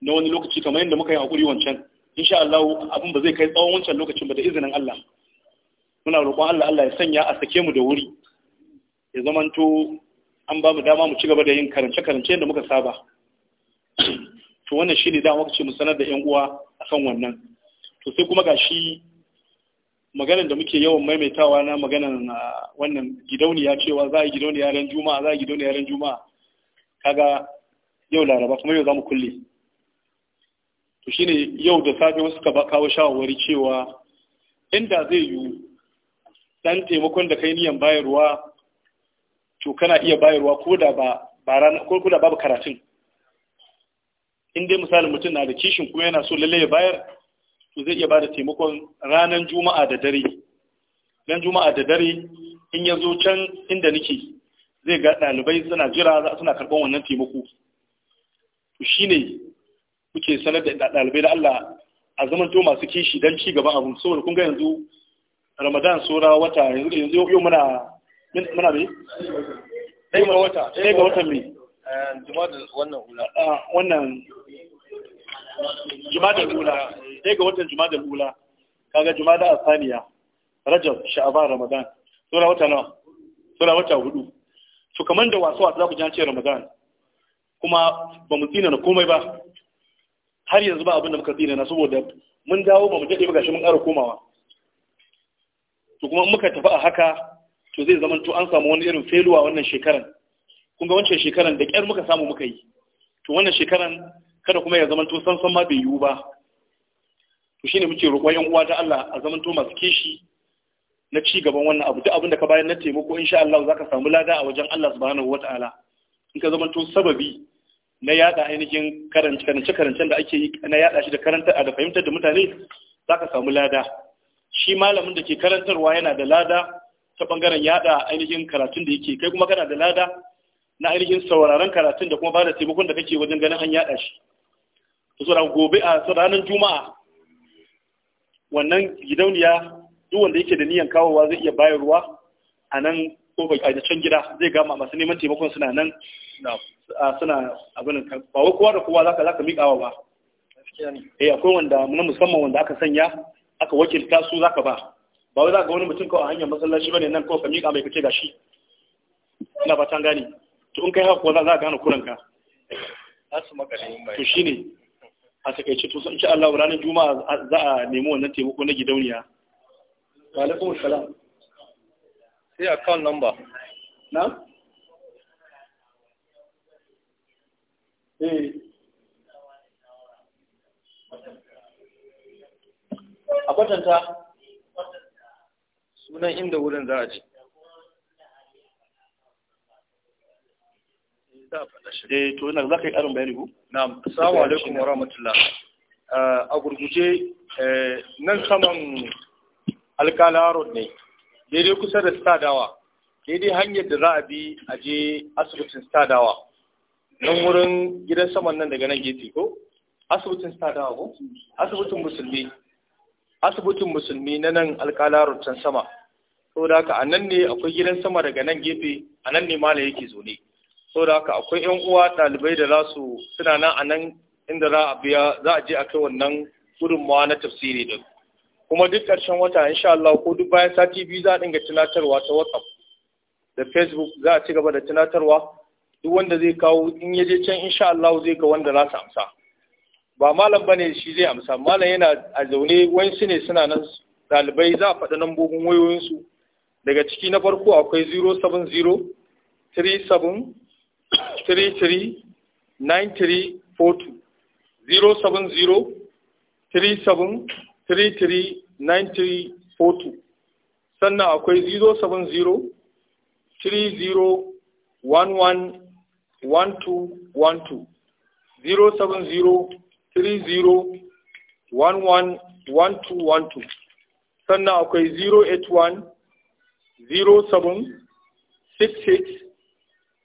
na wani lokaci kamar yadda muka yi haƙuri wancan insha Allah abin ba zai kai tsawon wancan lokacin ba da izinin Allah muna roƙon Allah Allah ya sanya a sake mu da wuri ya zamanto an ba mu dama mu ci gaba da yin karance-karance da muka saba to wannan shi ne dama ce mu sanar da 'yan uwa a kan wannan to sai kuma ga shi maganar da muke yawan maimaitawa na maganar wannan gidauniya cewa za a yi gidauniya ran juma'a za a yi gidauniya ran juma'a kaga yau laraba kuma yau za kulle to shine yau da safe wasu ka kawo shawarwari cewa inda zai yiwu dan taimakon da kai niyan bayarwa to kana iya bayarwa ko da ba ba ko da babu karatun in dai misali mutum na da kishin kuma yana so lalle ya bayar to zai iya bada taimakon ranar juma'a da dare dan juma'a da dare in ya can inda nake zai ga ɗalibai suna jira suna karɓar wannan taimako to shine kuke sanar da ɗalibai da Allah a zaman to masu kishi dan ci gaban abun saboda kun ga yanzu ramadan sura wata yanzu yau muna muna bi ɗaya ga wata ga watan mai wannan wannan jumada ula ɗaya ga watan eh, jumada ula ah, kaga jumada asaniya rajab sha'aban ramadan sura wata nawa sura wata hudu to kamar da wasu wasu za ku jance ramadan kuma ba mu tsina na komai ba har yanzu ba abin da muka tsina na saboda mun dawo ba mu daɗe ba gashi mun ƙara komawa to kuma muka tafi a haka to zai zama to an samu wani irin feluwa wannan shekaran kun ga wancan shekaran da ƙyar muka samu muka yi to wannan shekaran kada kuma ya zama to san san ma bai yiwu ba to shine muke roƙon yan uwa ta Allah a zaman to masu kishi na ci gaban wannan abu duk abin da ka bayar na taimako insha Allah zaka samu lada a wajen Allah subhanahu wataala in ka zama to sababi na yada ainihin karance karance da ake yi na yada shi da karanta da fahimtar da mutane zaka samu lada shi malamin da ke karantarwa yana da lada ta bangaren yada ainihin karatun da yake kai kuma kana da lada na ainihin sauraron karatun da kuma ba da taimakon da kake wajen ganin an yada shi to so gobe a ranar juma'a wannan gidauniya duk wanda yake da niyan kawowa zai iya bayarwa a nan ko a can gida zai gama masu neman taimakon suna nan suna abin ba kowa da kowa zaka zaka miƙawa ba eh akwai wanda na musamman wanda aka sanya aka wakilta su zaka ba ba wai za ga wani mutum kawai a hanyar masallaci bane nan kawai ka miƙa mai kace gashi ina ba tan gani to in kai haka kuwa za ka gane kuran ka to shine a takaice to sun insha Allah ranar juma'a za a nemi wannan taimako na gidauniya wa alaikum salam sai account number na eh a kwatanta sunan inda wurin za a ce eh to ina za ka yi karin bayani na'am assalamu alaikum wa rahmatullah uh, a gurguje eh, nan saman alkala road ne daidai kusa da stadawa daidai hanyar da za a bi a je asibitin stadawa nan wurin gidan saman nan daga nan gefe ko asibitin stadawa ko asibitin musulmi asibitin musulmi na nan alƙalarun can sama da haka a nan ne akwai gidan sama daga nan gefe a nan ne mala yake zaune da haka akwai yan uwa ɗalibai da za su suna nan a nan inda za a biya za a je a kai wannan gudunmawa na tafsiri din kuma duk ƙarshen wata insha Allah ko duk bayan sati biyu za a dinga tunatarwa ta WhatsApp da Facebook za a ci gaba da tunatarwa duk wanda zai kawo in ya je can insha Allah zai ga wanda za su amsa ba malam bane shi zai amsa malam yana a zaune wani ne suna nan ɗalibai za a faɗi nambobin wayoyinsu daga ciki na farko akwai 070 37 33 9342 33 sannan akwai 070 30 11 12 12 070 30111212 sannan akwai 081 07 66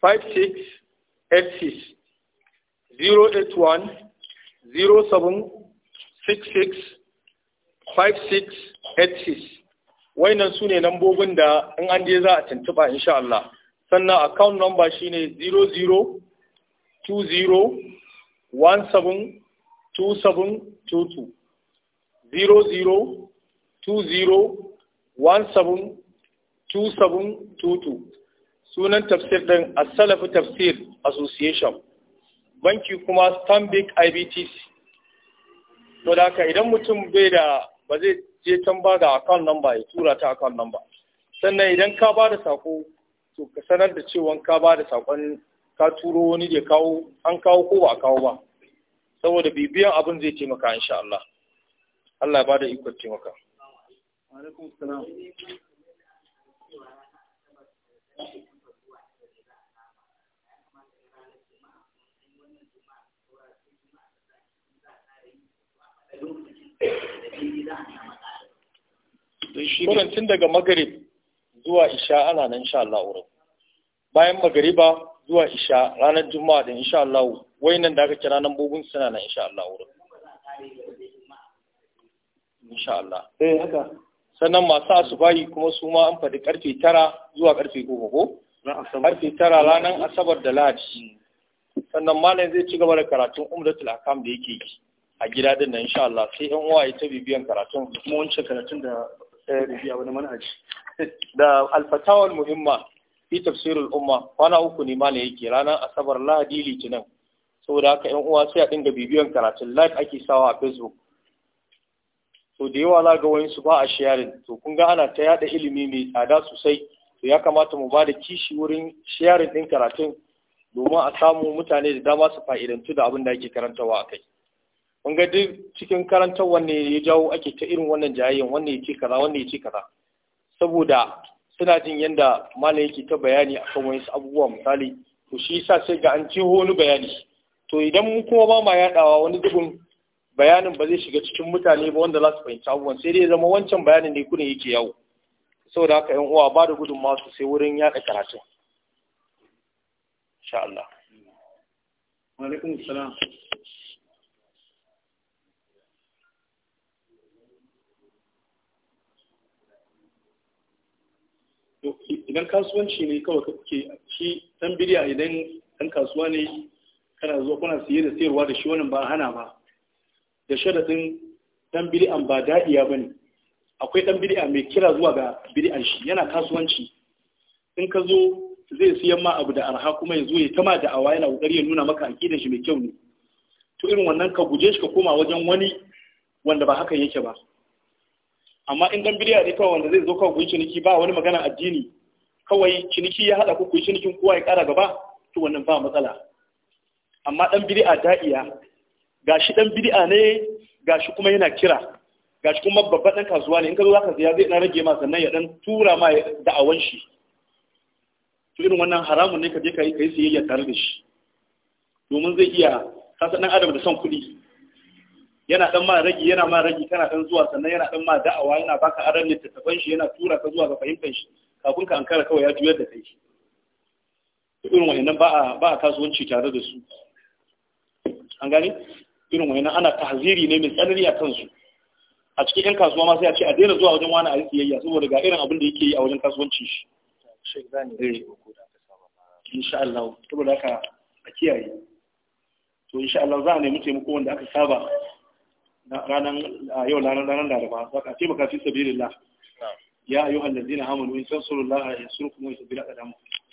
56 86 081 07 66 56 86 wainan su ne lambobin da in an je za a tuntuba insha Allah sannan account number shine 00 20 17 2722 00 sunan tafsir ɗin Asalafi Tafsir Association, banki kuma Stanbic IBTC. To da haka idan mutum bai da ba zai je can ba da account number ya tura ta account number. Sannan idan ka ba da sako, to ka sanar da cewa ka ba da sakon ka turo wani da kawo an kawo ko ba a kawo ba. saboda bibiyan abin zai taimaka insha Allah Allah ba da ikon taimaka Kuran tun daga magarib zuwa isha ana nan sha Allah wurin. Bayan magariba zuwa isha ranar juma'a da insha Allah wayannan da aka kira nan bugun suna nan insha Allah wurin insha Allah eh haka sannan masu asubahi kuma su ma an faɗi karfe 9 zuwa karfe 10 ko karfe 9 ranar asabar da lahadi sannan malam zai ci gaba da karatun umdatul akam da yake yi a gida din nan insha Allah sai yan uwaye ta bibiyan karatun kuma wancan karatun da eh, bibiya wani manhaji da alfatawal muhimma fi tafsirul umma kwana uku ne ma yake ranar asabar lahadi litinin saboda haka yan uwa sai a dinga bibiyan karatun live ake sawa a facebook to da yawa za ga wani su ba a sharing to kun ga ana ta yada ilimi mai tsada sosai to ya kamata mu ba da kishi wurin sharing din karatun domin a samu mutane da dama su fa'idantu da abin da ake karantawa a kai kun ga duk cikin karantar wanne ya jawo ake ta irin wannan jayayyan wanne ya ce kaza wanne ya ce kaza saboda suna jin yadda mala yake ta bayani akan wasu abubuwa misali to shi yasa sai ga an ciho wani bayani to idan mu kuma ba ma yadawa wani dubin bayanin ba zai shiga cikin mutane ba wanda za su fahimci abubuwan sai dai zama wancan bayanin ne kuna yake yawo saboda haka yan uwa ba da masu sai wurin yaɗa karatun insha Allah wa alaikum idan kasuwanci ne kawai kake shi dan bidiya idan dan kasuwa ne kana zuwa kuna siye da sayarwa da shi wannan ba hana ba da sharadin dan bidiyan ba ba bane akwai dan bidiya mai kira zuwa ga bidiyan shi yana kasuwanci in ka zo zai siyan ma abu da arha kuma ya zo ya tama da awa yana kokari ya nuna maka aqidar shi mai kyau ne to irin wannan ka guje shi ka koma wajen wani wanda ba haka yake ba amma in dan bidiya ne kawai wanda zai zo kawai guyi ciniki ba wani magana addini kawai ciniki ya haɗa ku cinikin kowa ya ƙara gaba to wannan ba matsala amma ɗan bid'a da'iya gashi ɗan bid'a ne gashi kuma yana kira gashi kuma babban ɗan kasuwa ne in ka zo zaka siya zai ɗan rage ma sannan ya ɗan tura ma da'awan shi to irin wannan haramun ne ka je ka yi kai siyayya tare da shi domin zai iya kasa ɗan adam da son kuɗi yana ɗan ma rage yana ma rage kana ɗan zuwa sannan yana ɗan ma da'awa yana baka aran littattafan shi yana tura ka zuwa ga fahimtar shi kafin ka ankara kawai ya juyar da kai irin wayannan ba a kasuwanci tare da su an gani irin wayannan ana tahziri ne mai tsanani a kansu a cikin yan kasuwa ma sai a ce a daina zuwa wajen wani a yi siyayya saboda ga irin abin da yake yi a wajen kasuwanci shi eh. insha Allah saboda haka a kiyaye to insha Allah za a nemi taimako wanda aka saba ranar yau ranar laraba za ka taimaka fi sabilillah يا أيها الذين آمنوا إن تنصروا الله ينصركم ويثبت أقدامكم